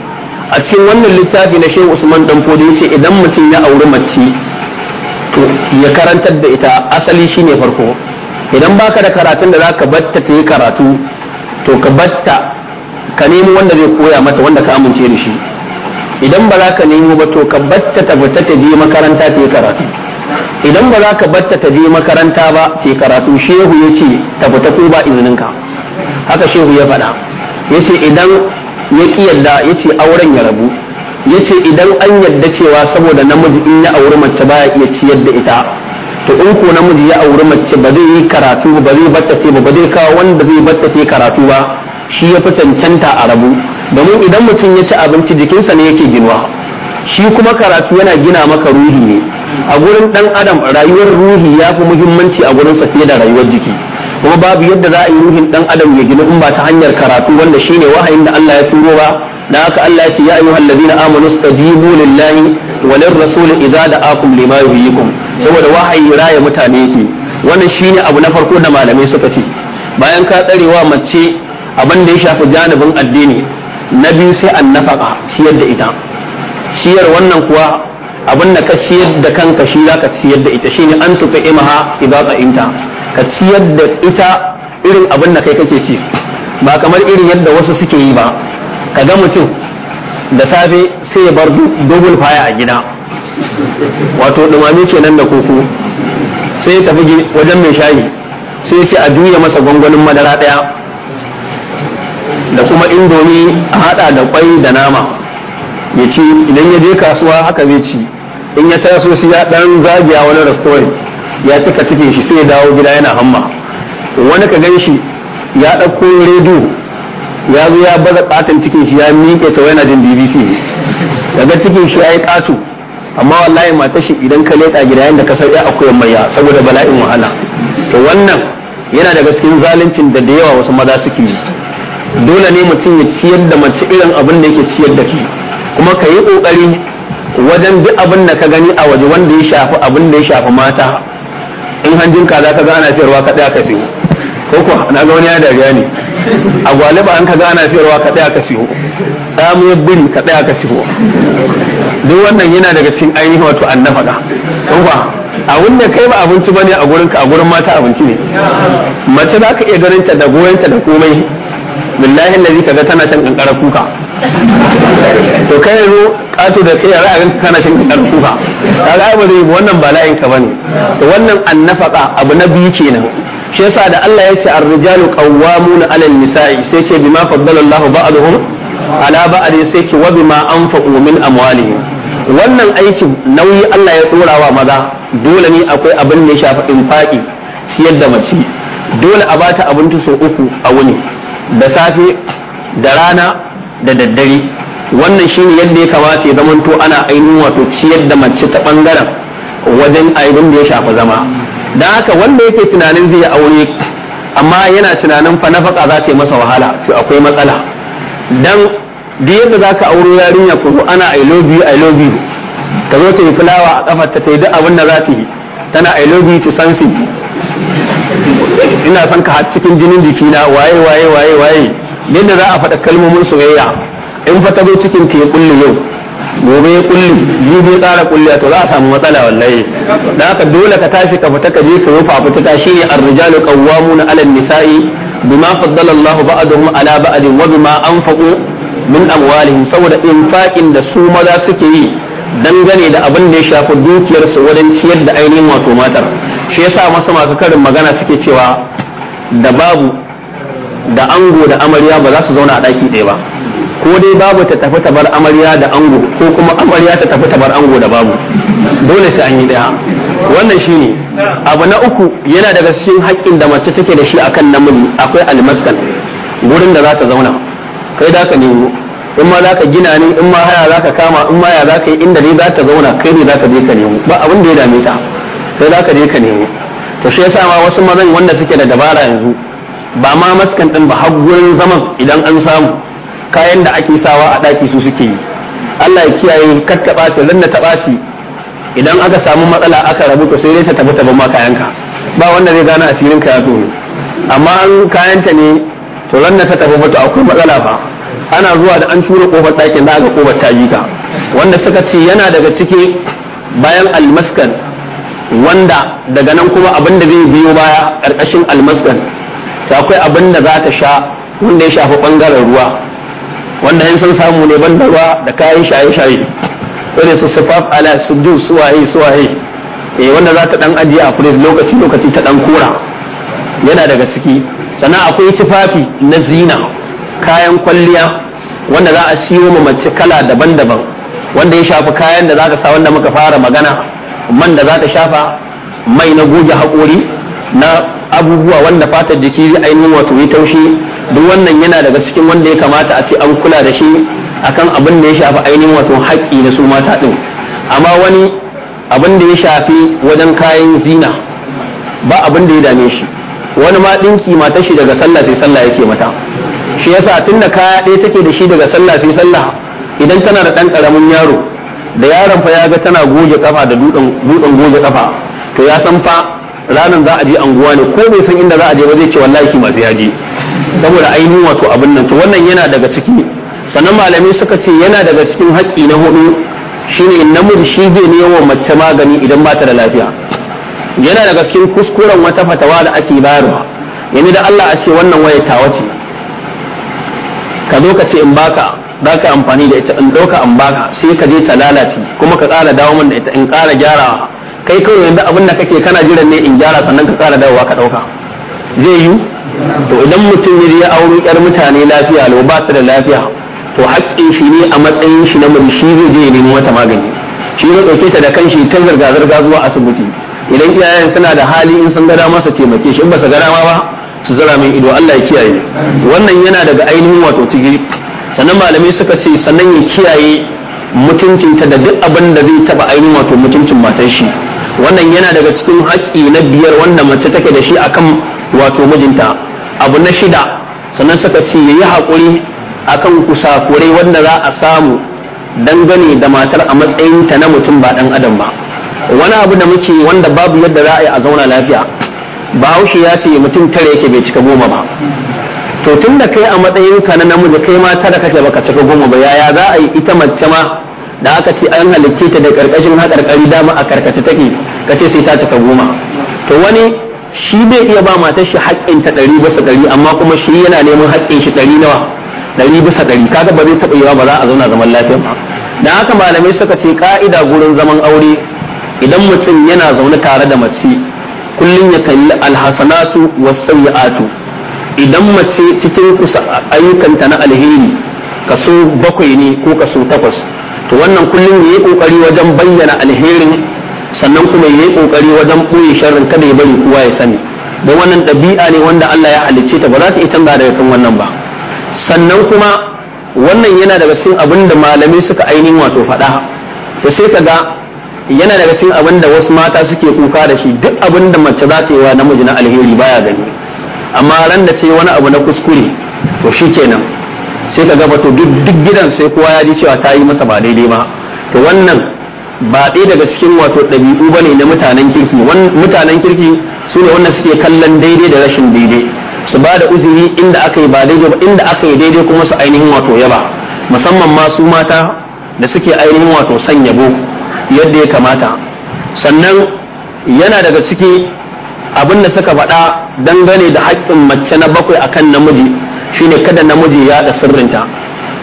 a cikin wannan littafi na Sheikh Usman Danfodi yace idan mutum ya auri mace ya karantar da ita asali shine farko idan baka da karatun da zaka batta ta yi karatu to ka batta ka nemi wanda zai koya mata wanda ka amince da shi idan ba za ka nemo ba to ka batta ta fita ta je makaranta ta yi karatu idan ba za ka batta ta je makaranta ba ta yi karatu shehu ya ce ta fita ko ba izinin ka. haka shehu ya faɗa ya ce idan ya ƙi yadda ya ce auren ya rabu ya ce idan an yadda cewa saboda namiji in ya auri mace baya iya ciyar da ita to in ko namiji ya auri mace ba zai yi karatu ba zai bata ce ba ba zai kawo wanda zai bata ce karatu ba shi ya fi cancanta a rabu domin idan mutum ya ci abinci jikinsa ne yake ginuwa shi kuma karatu yana gina maka ruhi ne a gurin dan adam rayuwar ruhi ya fi muhimmanci a gurin fiye da rayuwar jiki kuma babu yadda za a yi ruhin dan adam ya gina in ba ta hanyar karatu wanda shine wahayin da Allah ya turo ba da haka Allah ya ce ya ayyuhal ladina amanu stajibu lillahi wa rasul idza da'akum lima yuhyikum saboda wahayi raya mutane yake wannan shine abu na farko da malamai suka ce bayan ka tsarewa mace abin da ya shafi janibin addini na biyu sai an nafaka Shiyar da ita Shiyar wannan kuwa abin da ka siyar da kanka shi za ka ciyar da ita shine an tuka imaha ibaka inta ka ciyar da ita irin abin da kai kake ci ba kamar irin yadda wasu suke yi ba ka ga mutum da safe sai ya bar dogon faya a gida wato ke kenan da koko sai ya tafi wajen mai shayi sai ce a juya masa gwangwanin madara ɗaya da kuma indomi a haɗa da kwai da nama ya ce idan ya je kasuwa haka zai ci in ya taso shi ya ɗan zagiya wani restaurant ya cika cikin shi sai ya dawo gida yana hamma wani ka gan shi ya ɗauko rediyo ya zo ya baza katon cikin shi ya miƙe sau yana jin bbc daga cikin shi ya yi katu amma wallahi mata shi idan ka leƙa gida yadda ka sauya a koyon ya saboda bala'in wahala to wannan yana daga cikin zaluncin da da yawa wasu maza suke yi dole ne mutum ya ciyar da mace irin abin da yake ciyar da ke kuma ka yi ƙoƙari wajen duk abin da ka gani a waje wanda ya shafi abin da ya shafi mata in hanjin ka za ka gana ana sayarwa kaɗai aka sayo ko kuwa na ga wani ya dariya ne a gwaliba an kaga ana sayarwa ka tsaya ka siyo samu bin ka tsaya ka siyo duk wannan yana daga cikin ainihin wato annafaka kun ba a da kai ba abinci bane a gurin ka a gurin mata abinci ne mace za ka iya ganin ta da ta da komai billahi allazi kaga tana shan kankara kuka to kai yanzu kato da kai ra'ayin kana shan kankara kuka kaga ai ba zai wannan bala'in ka bane to wannan annafaka abu na biyu kenan shi yasa da Allah ya ce ar-rijalu qawwamuna 'ala an-nisa'i sai ce bima faddala Allah ba'dahum ala ba'd sai ce wa bima anfaqu min amwalihim wannan aiki nauyi Allah ya dora wa maza dole ne akwai abin da ya shafi infaqi siyar da mace dole a bata abinci sau uku a wuni da safe da rana da daddare wannan shine yadda ya kamata ya zamanto ana ainihin wato ciyar da mace ta bangaren wajen abin da ya shafa zama da haka wanda yake tunanin zai aure amma yana tunanin fa nafaka za ta yi masa wahala to akwai matsala dan duk yadda za ka auro yarinya ku ana i love you i love you ka zo ta yi fulawa a kafar ta yi duk abin da za ta yi tana i love you to sansi ina son ka har cikin jinin jikina waye waye waye waye yadda za a faɗa kalmomin soyayya in fa ta zo cikin ta ya kullu yau gobe ya kulli jibi tsara kulli to za a samu matsala wallahi da haka dole ka tashi ka fita ka je ka rufa fita shine ar-rijalu qawwamuna 'ala an-nisa'i bima faddala Allahu ba'dahum 'ala ba'din wa bima anfaqu min amwalihim saboda infaqin da su maza suke yi dangane da abin da ya shafi dukiyar su wajen ciyar da ainihin wato matar shi yasa masu masu karin magana suke cewa da babu da ango da amarya ba za su zauna a ɗaki ɗaya ba ko dai babu ta tafi ta amarya da ango ko kuma amarya ta tafi tabar ango da babu dole sai an yi daya wannan shine abu na uku yana daga cikin haƙƙin da mace take da shi akan namiji akwai almaskan gurin da za ta zauna kai da ka nemo in ma za ka gina ne in ma haya za ka kama in ma ya za ka yi inda ne za ta zauna kai ne za ka je ka nemo ba abin da ya dame ta kai za ka je ka nemo to shi yasa ma wasu mazan wanda suke da dabara yanzu ba ma maskan din ba har gurin zaman idan an samu kayan da ake sawa a ɗaki su suke yi Allah ya kiyaye karka ta ɓaci ta ɓaci idan aka samu matsala aka rabu to sai dai ta tabbata taban ma kayanka ba wanda zai gane asirin ka ya tono amma an kayanta ne to ran ta tafi to akwai matsala fa ana zuwa da an tura kofar ɗakin da aka kofar ta ta wanda suka ce yana daga ciki bayan almaskan wanda daga nan kuma abin da zai biyo baya ƙarƙashin almaskan akwai abin da za ta sha wanda ya shafi ɓangaren ruwa wanda in sun samu ne ban ruwa da kayan shaye-shaye irin su sufaf ala su ju suwaye suwaye eh, wanda za ta dan ajiye a firis lokaci lokaci ta dan kora yana daga ciki sannan akwai tufafi na zina kayan kwalliya wanda za a siyo ma mace kala daban-daban wanda ya shafi kayan da za ka sa wanda muka fara magana man da za ta shafa mai na goge haƙori na abubuwa wanda fatar jiki zai ainihin wato yi taushi duk wannan yana daga cikin wanda ya kamata a ce an kula da shi akan abin da ya shafi ainihin wato haƙƙi na su mata ɗin amma wani abin da ya shafi wajen kayan zina ba abin da ya dame shi wani ma ɗinki matar shi daga sallah sai sallah yake mata shi yasa tunda kaya ɗaya take da shi daga sallah sai sallah idan tana da ɗan ƙaramin yaro da yaron fa ya ga tana goge kafa da dutsen goge kafa to ya san fa Ranan za a je anguwa ne ko bai san inda za a je ba zai ce wallahi ba sai yaje? saboda ainihin wato abin nan to wannan yana daga ciki sannan malamai suka ce yana daga cikin haƙƙi na hudu shine namiji shi zai yawan mace magani idan ba ta da lafiya yana daga cikin kuskuren wata fatawa da ake bayarwa yani da Allah a ce wannan waya ta wace ka zo ka ce in baka za ka amfani da ita in ɗauka in baka sai ka je ta lalace kuma ka ƙara dawo min da ita in ƙara gyarawa kai kawai yanzu abin da kake kana jiran ne in gyara sannan ka tsara dawowa ka ɗauka zai yi to idan mutum ya je auri yar mutane lafiya lo ba su da lafiya to haƙƙin shi ne a matsayin shi na murshi zai je ya nemi wata magani shi ne ɗauke ta da kanshi ta zirga zirga zuwa asibiti idan iyayen suna da hali in sun ga dama su taimake shi in ba su ga dama ba su zara min ido Allah ya kiyaye wannan yana daga ainihin wato tigiri sannan malamai suka ce sannan ya kiyaye mutuncinta da duk abin da zai taba ainihin wato mutuncin matar shi wannan yana daga cikin haƙƙi na biyar wanda mace take da shi akan wato mijinta abu na shida sannan suka ce yayi haƙuri akan kusakurai wanda za a samu dangane da matar a matsayinta na mutum ba ɗan adam ba wani abu da muke wanda babu yadda za a yi a zauna lafiya bahaushe ya ce mutum tare yake bai cika goma ba to tun da kai a matsayinka na namiji kai ma tara kake baka cika goma ba yaya za a yi ita mace ma da aka ce an halicce ta da karkashin haƙarƙari dama a karkace take ka ce sai ta cika goma to wani shi bai iya ba matar shi haƙƙin ta ɗari bisa ɗari amma kuma shi yana neman haƙƙin shi ɗari nawa ɗari bisa ɗari kaga ba zai taɓa yiwa ba za a zauna zaman lafiya da haka malamai suka ce ka'ida gurin zaman aure idan mutum yana zaune tare da mace kullum ya kalli alhasanatu wasayyi'atu idan mace cikin kusa ayyukanta na alheri kaso bakwai ne ko kaso takwas to wannan kullum ya yi kokari wajen bayyana alherin sannan kuma ya yi kokari wajen ɓoye sharrin kada ya bari kowa ya sani don wannan ɗabi'a ne wanda Allah ya halicce ta ba za ta yi canza daga kan wannan ba sannan kuma wannan yana daga cikin abin da suka ainihin wato faɗa to sai ka ga yana daga cikin abin da wasu mata suke kuka da shi duk abin da mace za ta yi wa namiji na alheri baya gani amma ran da ta wani abu na kuskure to shi kenan sai ka gaba to duk gidan sai kowa ya ji cewa ta yi masa ba daidai ba to wannan ba ɗaya daga cikin wato ɗabi'u ba ne na mutanen kirki mutanen kirki su ne wanda suke kallon daidai da rashin daidai su ba da uzuri inda aka yi ba daidai ba inda aka yi daidai kuma su ainihin wato yaba musamman ma su mata da suke ainihin wato son yabo yadda ya kamata sannan yana daga ciki abin da suka faɗa dangane da haƙƙin mace na bakwai akan namiji shine kada namiji ya da sirrinta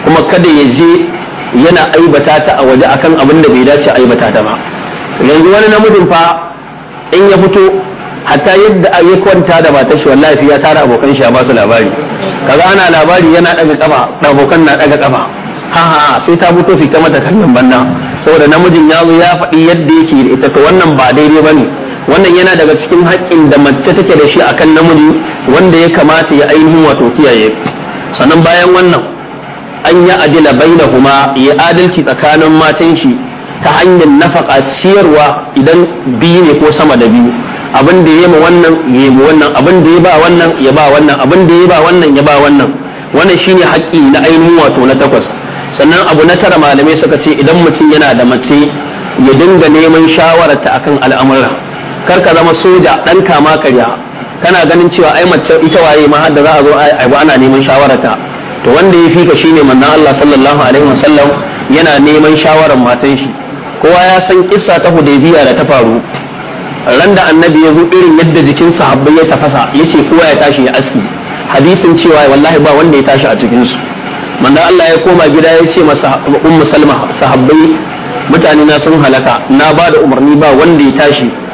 kuma kada ya je yana aibata ta a waje akan abin da bai dace aibata ta ba yanzu wani namijin fa in ya fito hatta yadda a ya kwanta da matar shi wallahi sai ya tara abokan shi a su labari kaga ana labari yana daga kafa abokan na daga kafa ha ha sai ta fito sai ta mata kallon banna saboda namijin ya zo ya faɗi yadda yake ita to wannan ba daidai bane wannan yana daga cikin haƙƙin da mace take da shi akan namiji wanda ya kamata ya ainihin wato kiyaye sannan bayan wannan an yi ajila bainahuma ya adalci tsakanin matan shi ta hanyar nafaka ciyarwa idan biyu ne ko sama da biyu abin da ya ma wannan ya ma wannan abin da ya ba wannan ya ba wannan abin da ya ba wannan ya ba wannan wannan shine haƙƙi na ainihin wato na takwas sannan abu na tara malamai suka ce idan mutum yana da mace ya dinga neman shawararta akan al'amura kar ka zama soja dan kama karya kana ganin cewa ai mace ita waye ma har da za a zo ai ba ana neman shawararta to wanda ya fika shine manzon Allah sallallahu alaihi wasallam yana neman shawaran matan shi kowa ya san kissa ta Hudaybiya da ta faru ran da annabi ya zo irin yadda jikin sahabbai ya tafasa yace kowa ya tashi ya aski hadisin cewa wallahi ba wanda ya tashi a cikin su manzon Allah ya koma gida ya ce masa ummu salma sahabbai mutane na sun halaka na bada umarni ba wanda ya tashi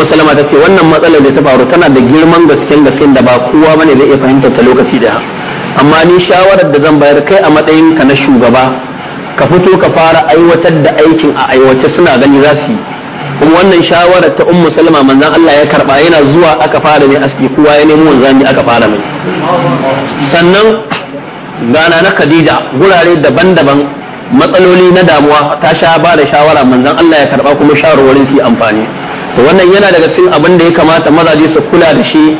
ummu salama ta ce wannan matsalar da ta faru tana da girman gasken gasken da ba kowa bane zai iya fahimtar ta lokaci da amma ni shawarar da zan bayar kai a matsayin ka na shugaba ka fito ka fara aiwatar da aikin a aiwace suna gani za su yi kuma wannan shawarar ta ummu salama manzon Allah ya karba yana zuwa aka fara ne aski kowa ya nemi wanzan aka fara mai sannan gana na Khadija gurare daban-daban matsaloli na damuwa ta sha ba da shawara manzon Allah ya karba kuma shawarwarin su amfani wannan yana daga cikin abin da ya kamata mazaje su kula da shi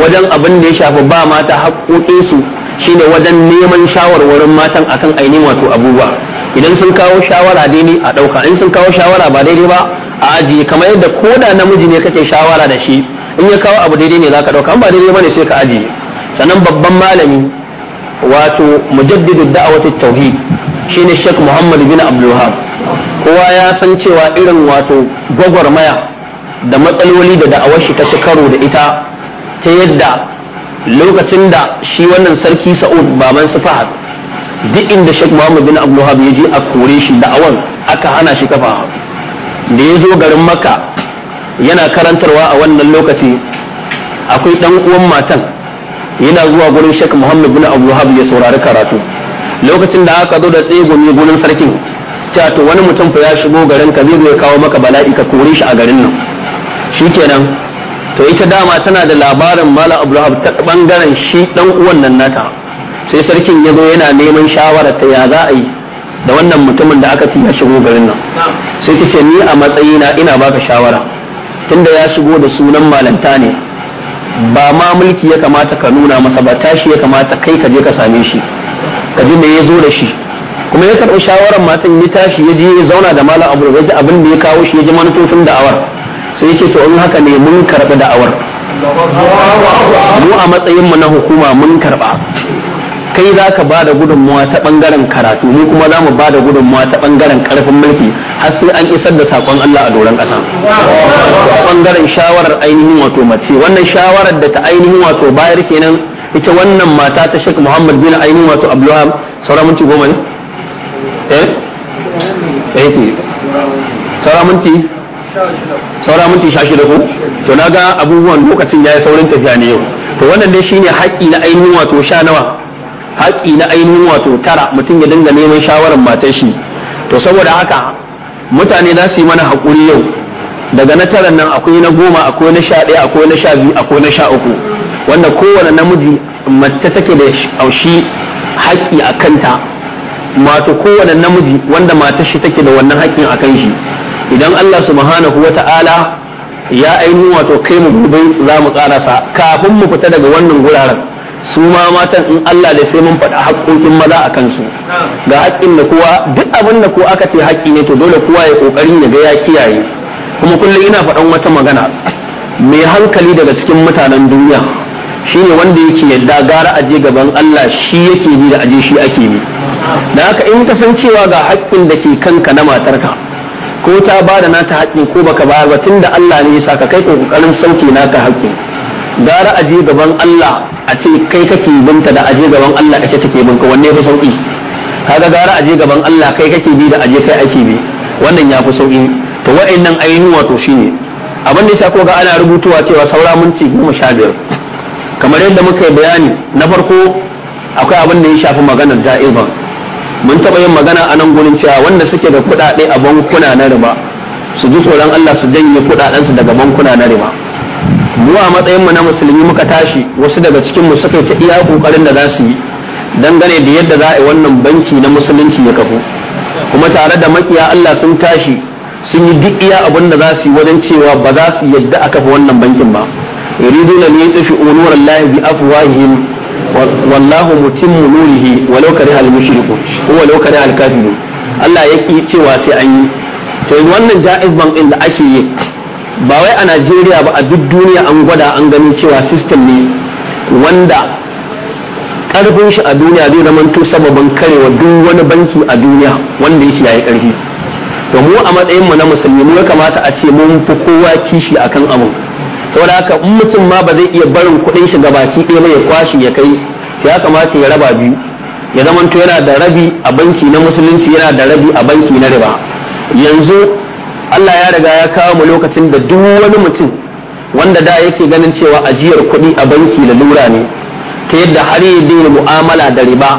wajen abin da ya shafi ba mata haƙoƙinsu shine wajen neman shawarwarin matan akan ainihin wato abubuwa idan sun kawo shawara daidai a ɗauka in sun kawo shawara ba daidai ba a ajiye kamar yadda ko da namiji ne kake shawara da shi in ya kawo abu daidai ne za ka ɗauka in ba daidai ba ne sai ka ajiye sannan babban malami wato mujaddidu wata tauhid shine Sheikh Muhammad bin Abdul Wahab kowa ya san cewa irin wato gwagwarmaya da matsaloli da da'awar shi ta ci karo da ita ta yadda lokacin da shi wannan sarki sa'ud baban su fahad duk inda Sheikh Muhammad bin Abdul ya je a kore shi da'awan aka hana shi kafa da ya zo garin Makka yana karantarwa a wannan lokaci akwai dan uwan matan yana zuwa gurin Sheikh Muhammad bin Abdul ya saurari karatu lokacin da aka zo da tsegumi gurin sarkin cewa to wani mutum fa ya shigo garin ka zai kawo maka bala'i ka kore shi a garin nan kenan, to ita dama tana da labarin mala abdulhab ta bangaren shi dan uwan nan nata sai sarkin ya zo yana neman shawara ta ya za a yi da wannan mutumin da aka ci ya shigo garin nan sai ta ce ni a matsayina ina baka shawara tunda ya shigo da sunan malanta ne ba ma mulki ya kamata ka nuna masa ba tashi ya kamata kai ka je ka same shi ka ji me ya zo da shi kuma ya karɓi shawarar matan ya tashi ya je ya zauna da malam abu da abin da ya kawo shi ya ji manufofin da'awar sai ce to in haka ne mun karɓi da'awar mu a matsayinmu na hukuma mun karɓa kai za ka ba da gudunmuwa ta ɓangaren karatu mu kuma za mu ba da gudunmuwa ta ɓangaren ƙarfin mulki har sai an isar da saƙon Allah a doron ƙasa ɓangaren shawarar ainihin wato mace wannan shawarar da ta ainihin wato bayar kenan ita wannan mata ta shek Muhammad bin ainihin wato abdullahi sauran minti goma ne eh eh sauran minti saura minti sha shida ko to na ga abubuwan lokacin ya yi saurin tafiya ne yau to wannan dai shine haƙƙi na ainihin wato sha nawa haƙƙi na ainihin wato tara mutum ya dinga neman shawarar matar shi to saboda haka mutane za su yi mana haƙuri yau daga na taran nan akwai na goma akwai na sha ɗaya akwai na sha biyu akwai na sha uku wanda kowane namiji mace take da shi haƙƙi a kanta mato kowane namiji wanda matar shi take da wannan haƙƙin a kan shi idan Allah subhanahu wata'ala ya ainihin wato kai mu gobe za mu sa, kafin mu fita daga wannan guraren su ma matan in Allah da sai mun faɗa haƙƙoƙin maza a kansu ga haƙƙin da kowa duk abin da ko aka ce haƙƙi ne to dole kowa ya ƙoƙarin ya ga ya kiyaye kuma kullum ina faɗan wata magana mai hankali daga cikin mutanen duniya shine wanda yake yadda gara aje gaban Allah shi yake bi da aje shi ake bi da haka in kasancewa ga haƙƙin da ke kanka na matarka ko ta ba da nata haƙƙi ko baka ba ba tunda Allah ne ya saka kai ko kokarin sauke naka haƙƙi. gara aje gaban Allah a ce kai kake binta da aje gaban Allah kake take binka wanne ya fi sauki kaga gara aje gaban Allah kai kake bi da aje kai ake bi wannan ya fi sauki to wa'annan ainihin wato shine abin da yasa ko ga ana rubutuwa cewa saura minti goma sha biyar kamar yadda muka yi bayani na farko akwai abin da ya shafi maganar da'iban mun taɓa yin magana a nan gurin cewa wanda suke da kuɗaɗe a bankuna na riba su ji tsoron Allah su janye kuɗaɗensu daga bankuna na riba mu a matsayin mu na musulmi muka tashi wasu daga cikin mu suka ta iya kokarin da za su yi dangane da yadda za a yi wannan banki na musulunci ya kafu kuma tare da makiya Allah sun tashi sun yi duk iya abin da za su yi wajen cewa ba za su yadda aka kafa wannan bankin ba yuriduna li yutfi'u nurallahi bi afwahihim wallahu mutimmu nurihi walau karihal mushriku ko walau karihal kafirun Allah yake cewa sai an yi Sai wannan jaiz bank din da ake yi ba wai a Najeriya ba a duk duniya an gwada an gani cewa system ne wanda karfin shi a duniya zai zama to sababin karewa duk wani banki a duniya wanda yake yayi karfi to mu a matsayin mu na musulmi ya kamata a ce mun fi kowa kishi akan abin saboda haka in mutum ma ba zai iya barin kuɗin shi baki ɗaya ya kwashi ya kai ya kamata ya raba biyu ya zamanto yana da rabi a banki na musulunci yana da rabi a banki na riba yanzu Allah ya riga ya kawo mu lokacin da duk wani mutum wanda da yake ganin cewa ajiyar kuɗi a banki da lura ne ta yadda har ya daina mu'amala da riba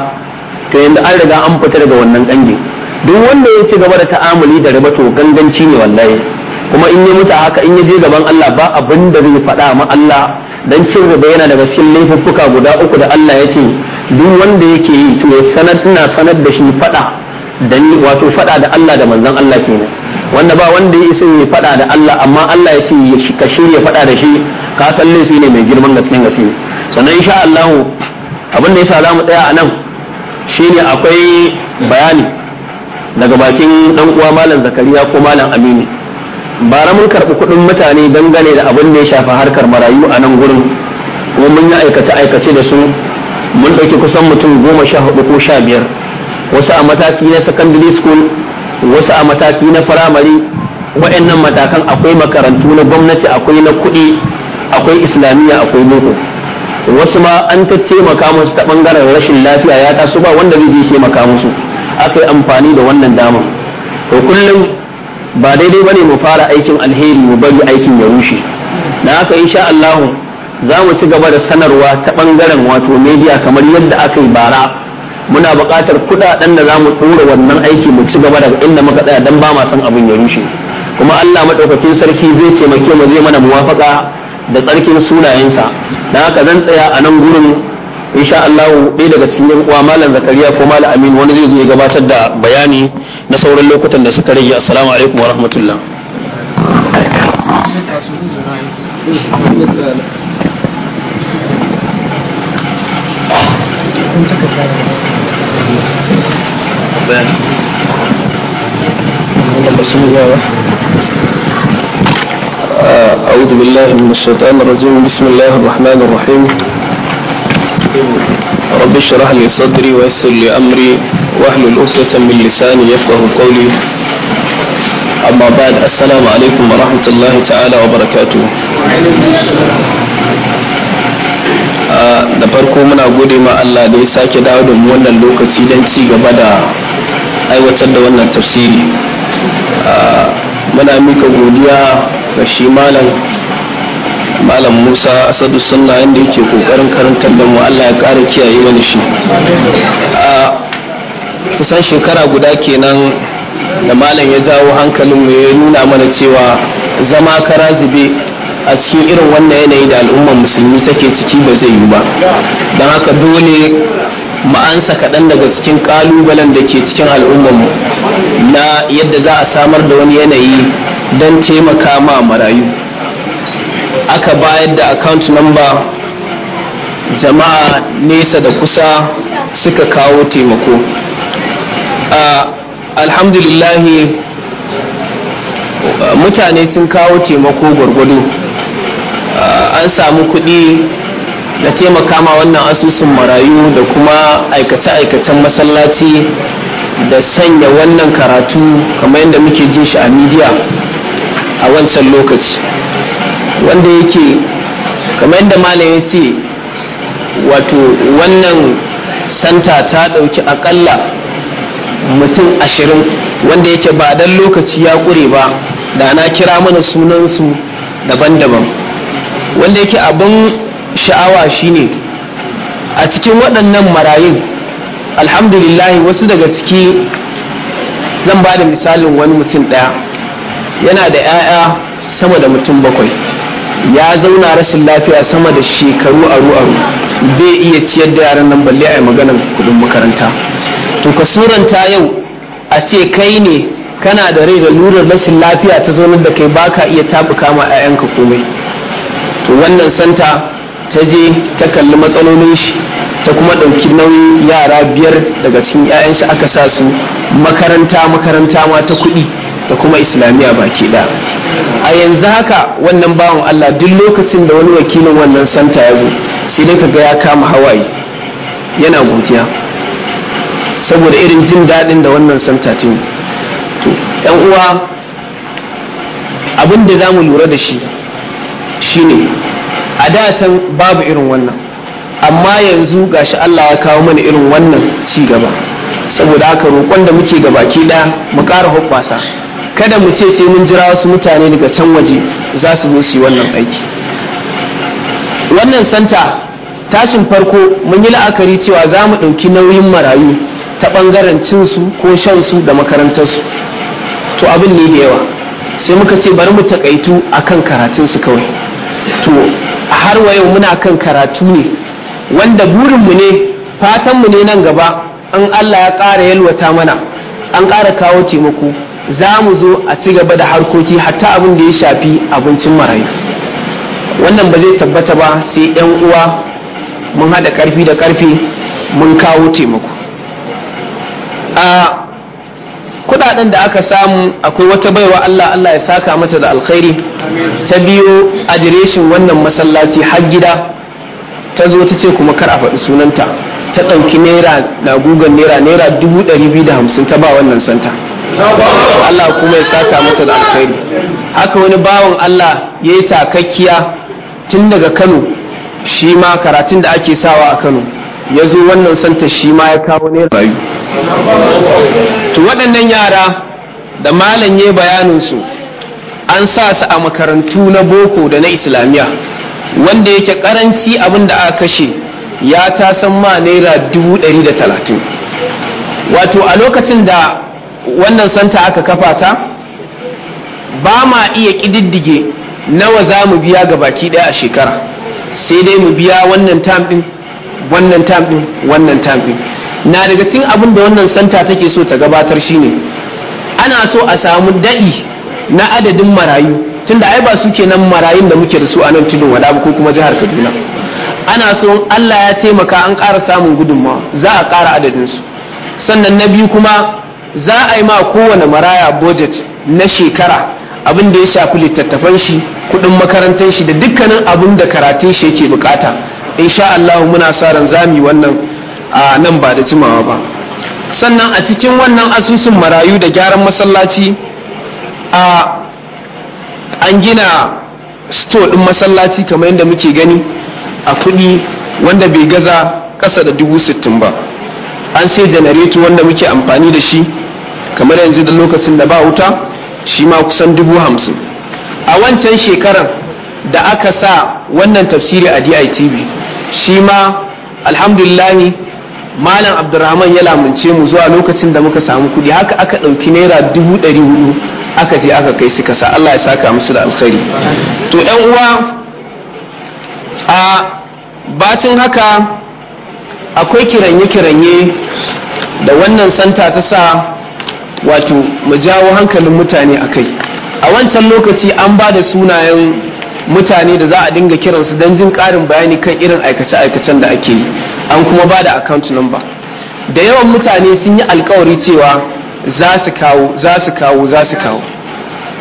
to yanda an riga an fita daga wannan ƙange duk wanda ya ci gaba da ta'amuli da riba to ganganci ne wallahi kuma in yi mutu haka in ya je gaban Allah ba abin da zai faɗa ma Allah dan cin riba yana daga cikin laifuffuka guda uku da Allah ya ce duk wanda yake yi to sanar ina sanar da shi faɗa da ni wato faɗa da Allah da manzon Allah kenan wanda ba wanda ya isa ya faɗa da Allah amma Allah ya ce ka shirya faɗa da shi ka san laifi ne mai girman gaske gaske sannan insha Allah abin da yasa za mu tsaya a nan shine akwai bayani daga bakin dan uwa malam zakariya ko malam aminu bara mun karɓi kuɗin mutane dangane da abin da ya shafi harkar marayu a nan gurin kuma mun yi aikace aikace da su mun ɗauki kusan mutum goma sha hudu ko sha biyar wasu a mataki na secondary school wasu a mataki na firamare wa'annan matakan akwai makarantu na gwamnati akwai na kuɗi akwai islamiyya akwai boko wasu ma an ta taimaka musu ta ɓangaren rashin lafiya ya taso ba wanda zai je taimaka musu aka yi amfani da wannan dama to kullum ba daidai bane mu fara aikin alheri mu bari aikin ya rushe da haka insha Allah za mu ci gaba da sanarwa ta bangaren wato media kamar yadda aka yi bara muna buƙatar kuɗaɗen da za mu ɗora wannan aiki mu ci gaba daga inda muka tsaya don ba ma san abin ya rushe kuma Allah maɗaukakin sarki zai taimake mu zai mana muwafaka da tsarkin sunayensa da haka zan tsaya a nan gurin insha Allah ɗaya daga cikin yan uwa malam zakariya ko malam amin wani zai zo ya gabatar da bayani na sauran lokutan da suka rage assalamu alaikum wa rahmatullah أعوذ بالله من الشيطان الرجيم بسم الله الرحمن الرحيم رب اشرح لي صدري ويسر لي أمري واحلل عقدة من لساني يفقه قولي أما بعد السلام عليكم ورحمة الله تعالى وبركاته da farko muna gode ma Allah da ya sake dawo da mu wannan lokaci don ci gaba da aiwatar da wannan tafsiri ah, muna mika godiya ga shi malam malam musa asadu sunna inda yake kokarin karantar da mu allah ya kara kiyaye wani shi a kusan shekara guda kenan da malam ya jawo hankalinmu ya nuna mana cewa zama kara zube a cikin irin wannan yanayi da al'ummar musulmi take ciki ba zai yi ba don haka dole ma'ansa kaɗan daga cikin ƙalubalen da ke cikin al'ummar mu na yadda za a samar da wani yanayi don taimaka ma marayu aka bayar da account number jama'a nesa da kusa suka kawo taimako alhamdulillahi mutane sun kawo taimako gwargwado an samu kuɗi da taimaka ma wannan asusun marayu da kuma aikace-aikacen masallaci da sanya wannan karatu kamar yadda muke jin shi a midiya a wancan lokaci wanda yake kamar yadda malam ya ce wato wannan santa ta ɗauki aƙalla mutum ashirin wanda yake ba dan lokaci ya ƙure ba da na kira mana sunansu daban-daban wanda yake abin sha'awa shine a cikin waɗannan marayun alhamdulillahi wasu daga ciki zan ba da misalin wani mutum ɗaya yana da 'ya'ya sama da mutum bakwai ya zauna rashin lafiya sama da shekaru aru aru bai iya ciyar da yaran nan balle a yi maganar kudin makaranta to ka suranta yau a ce kai ne kana da rai da lurar rashin lafiya ta zaunar da kai baka iya tafi kama 'ya'yanka komai to wannan santa ta je ta kalli matsalolin shi ta kuma ɗauki nauyin yara biyar daga cikin 'ya'yan shi aka sa su makaranta makaranta ma ta kuɗi da kuma islamiyya baki ɗaya a yanzu haka wannan bawan Allah duk lokacin da wani wakilin wannan santa ya zo sai dai ga ya kama hawaye yana godiya saboda irin jin daɗin da wannan santa ta yi to yan uwa abin da za mu lura da shi shine a da can babu irin wannan amma yanzu gashi Allah ya kawo mana irin wannan ci gaba saboda haka roƙon da muke gabaki ɗaya mu ƙara hoɓɓasa kada mu ce sai mun jira wasu mutane daga can waje za su zo su yi wannan aiki wannan santa tashin farko mun yi la'akari cewa za mu ɗauki nauyin marayu ta ɓangaren cinsu ko shansu da makarantarsu to abin ne da yawa sai muka ce bari mu taƙaitu a kan karatunsu kawai to a har wa yau muna kan karatu ne wanda burinmu ne fatanmu ne nan gaba in allah ya ƙara yalwata mana an ƙara kawo taimako za mu zo a ci gaba da harkoki hatta abin da ya shafi abincin marayu wannan ba zai tabbata ba sai 'yan uwa mun haɗa ƙarfi da ƙarfi mun kawo taimako a kudaden da aka samu akwai wata baiwa Allah Allah ya saka mata da alkhairi ta biyo adireshin wannan masallaci har gida ta zo ta ce kuma kar a faɗi sunanta ta ɗauki naira na gugan naira naira dubu ɗari biyu da hamsin ta ba wannan santa Allah kuma ya sata mata da alkhairi haka wani bawan Allah ya yi takakkiya tun daga Kano shi ma karatun da ake sawa a Kano ya zo wannan santa shi ma ya kawo ne rayu to waɗannan yara da malam ya su an sa su a makarantu na boko da na islamiyya wanda yake karanci abin da aka kashe ya ta san ma naira dubu ɗari da talatin wato a lokacin da wannan santa aka kafa ta ba ma iya ƙididdige nawa za mu biya ga baki ɗaya a shekara sai dai mu biya wannan tam ɗin wannan tam wannan tam na daga cikin abin da wannan santa take so ta gabatar shine ana so a samu daɗi na adadin marayu tunda ai ba su nan marayun da muke da su a nan tudun wada ko kuma jihar kaduna ana so Allah ya taimaka an ƙara samun gudunmawa za a ƙara adadinsu sannan na biyu kuma za a yi ma kowane maraya budget na shekara abin da ya shafi littattafan shi kuɗin makarantar shi da dukkanin abin da karatun shi yake bukata insha Allah muna sa ran zami wannan nan ba da jimawa ba sannan a cikin wannan asusun marayu da gyaran masallaci a an gina store ɗin masallaci kamar yadda muke gani a kuɗi wanda bai gaza ƙasa da dubu sittin ba an sai janareto wanda muke amfani da shi kamar yanzu da lokacin da ba wuta shi ma kusan dubu hamsin a wancan shekarar da aka sa wannan tafsiri a DITV shi ma alhamdulillahi malam abdurrahman ya lamunce mu zuwa lokacin da muka samu kudi haka aka ɗauki naira dubu ɗari hudu aka je aka kai suka sa Allah ya saka musu da alkhairi to yan uwa a bacin haka akwai kiranye-kiranye da wannan santa ta sa wato mu jawo hankalin mutane a kai a wancan lokaci an ba da sunayen mutane da za a dinga kiransu don jin karin bayani kan irin aikace-aikacen da ake yi an kuma ba da account number da yawan mutane sun yi alkawari cewa za su kawo za su kawo za su kawo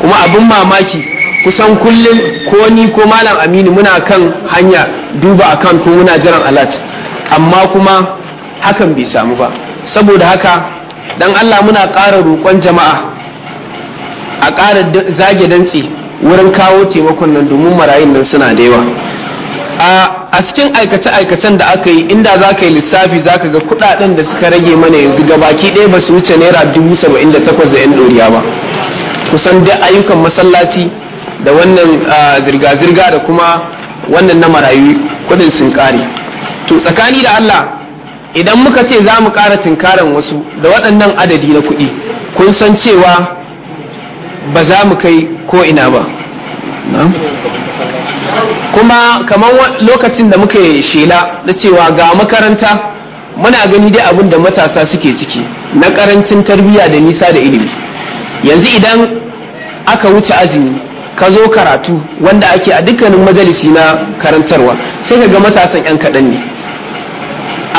kuma abin mamaki kusan kullum ko ni ko malam aminu muna kan hanya duba account ko muna jiran alat?" amma kuma hakan bai samu ba saboda haka dan Allah muna ƙara roƙon jama'a a ƙara zage dantse wurin kawo taimakon nan domin marayun nan suna da yawa a cikin aikace-aikacen da aka yi inda za ka yi lissafi za ka ga kuɗaɗen da suka rage mana yanzu gabaki ɗaya ba su wuce naira dubu saba'in da takwas da 'yan ɗoriya ba kusan duk ayyukan masallaci da wannan zirga-zirga da kuma wannan na marayu kuɗin sun ƙare to tsakani da Allah idan muka ce za mu ƙara tunkaran wasu da waɗannan adadi na kuɗi kun san cewa ba za mu kai ko ina ba kuma kamar lokacin da muka shela na cewa ga makaranta muna gani dai abin da matasa suke ciki na ƙarancin tarbiyya da nisa da ilimi yanzu idan aka wuce azumi ka zo karatu wanda ake a dukkanin majalisi na karantarwa sai ka ga matasan 'yan kaɗan ne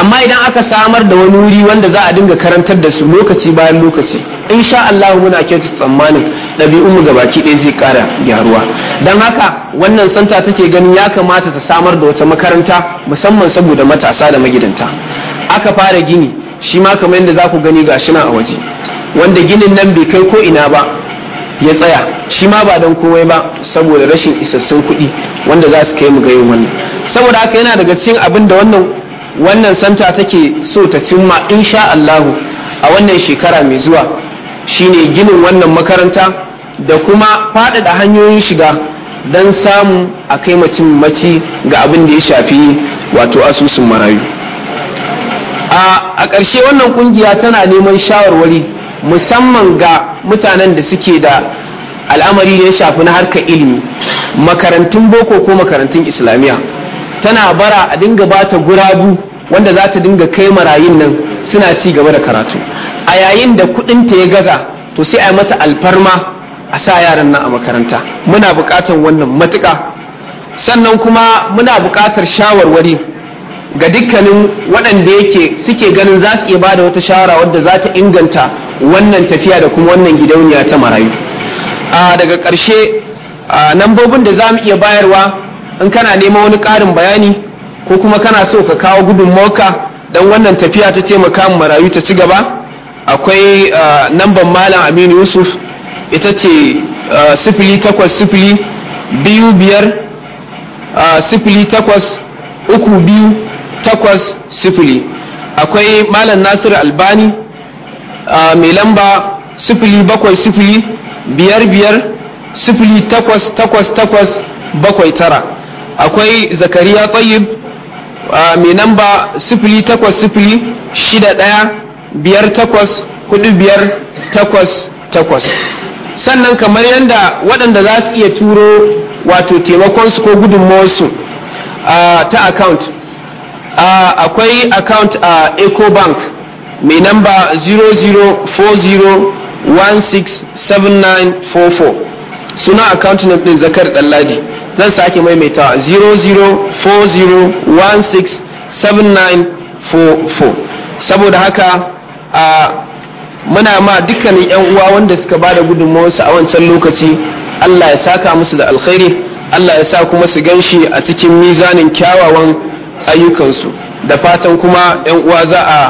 amma idan aka samar da wani wuri wanda za a dinga karantar da su lokaci bayan lokaci insha Allah muna kyautu tsammanin ɗabi'unmu ga baki ɗaya zai ƙara gyaruwa don haka wannan santa take ganin ya kamata ta samar da wata makaranta musamman saboda matasa da magidanta aka fara gini shi ma kamar yadda za ku gani ga shi nan a waje wanda ginin nan bai kai ko ina ba ya tsaya shi ma ba don komai ba saboda rashin isassun kuɗi wanda za su kai mu ga yin wannan saboda haka yana daga cikin abin da wannan wannan santa take so ta cimma insha Allahu a wannan shekara mai zuwa shine ginin wannan makaranta da kuma faɗaɗa hanyoyin shiga don samu a kai mutum maci ga abin da ya shafi wato asusun marayu a ƙarshe wannan ƙungiya tana neman shawarwari musamman ga mutanen da suke da al'amari da ya shafi na harkar ilimi makarantun boko ko makarantun islamiyya tana bara a dinga bata gurabu wanda za ta dinga kai marayun nan suna ci gaba da karatu a yayin da kuɗinta ya gaza to sai a yi mata alfarma a sa yaran nan a makaranta muna buƙatar wannan matuƙa sannan kuma muna buƙatar shawarwari ga dukkanin waɗanda yake suke ganin za su iya ba da wata shawara wadda za ta inganta wannan tafiya da kuma wannan gidauniya ta marayu daga ƙarshe nambobin da za mu iya bayarwa in kana nema wani ƙarin bayani ko kuma kana so ka kawo gudun moka don wannan tafiya ta taimaka marayu ta ci gaba akwai ah, namban malam aminu yusuf ita ce ah, sifili takwas sifili biyu biyar ah, sifili takwas uku biyu takwas sifili akwai malam nasiru albani mai lamba sifili bakwai sifili biyar biyar sifili takwas takwas takwas bakwai tara akwai zakariya tsayib mai namba sifili takwas sifili shida ɗaya biyar takwas kudu biyar takwas takwas sannan kamar yadda waɗanda za su iya turo wato taimakonsu ko gudunmawarsu ta account akwai account a ecobank mai namba 0040167944 suna account na din zakar ɗanladi zan sake maimaitawa 0040167944 saboda haka a muna ma dukkanin yan uwa wanda suka ba da gudunmawarsu a wancan lokaci Allah ya saka musu da alkhairi Allah ya sa kuma su ganshi a cikin mizanin kyawawan ayyukansu da fatan kuma yan uwa za a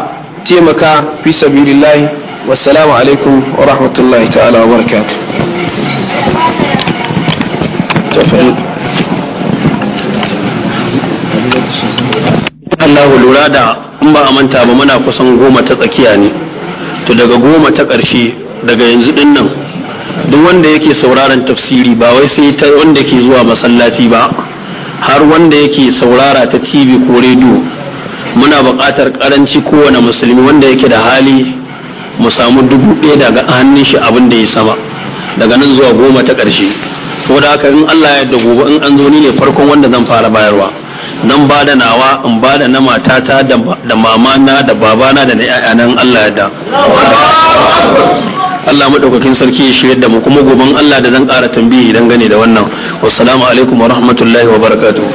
taimaka fi sabilillahi wassalamu alaikum wa rahmatullahi ta'ala wa barakatuh Allah lura da in ba a manta ba muna kusan goma ta tsakiya ne to daga goma ta ƙarshe daga yanzu din nan duk wanda yake sauraron tafsiri ba wai sai ta wanda ke zuwa masallaci ba har wanda yake saurara ta tv ko rediyo muna buƙatar ƙaranci kowane musulmi wanda yake da hali mu samu dubu ɗaya daga hannun shi abin da ya sama daga nan zuwa goma ta ƙarshe saboda haka in Allah ya gobe in an zo ni ne farkon wanda zan fara bayarwa nan ba da nawa in ba da na matata da mamana da babana da na yayanan Allah ya da Allah madaukakin sarki ya shirya da mu kuma goben Allah da zan ƙara tambayi dan gane da wannan wassalamu alaikum wa rahmatullahi wa barakatuh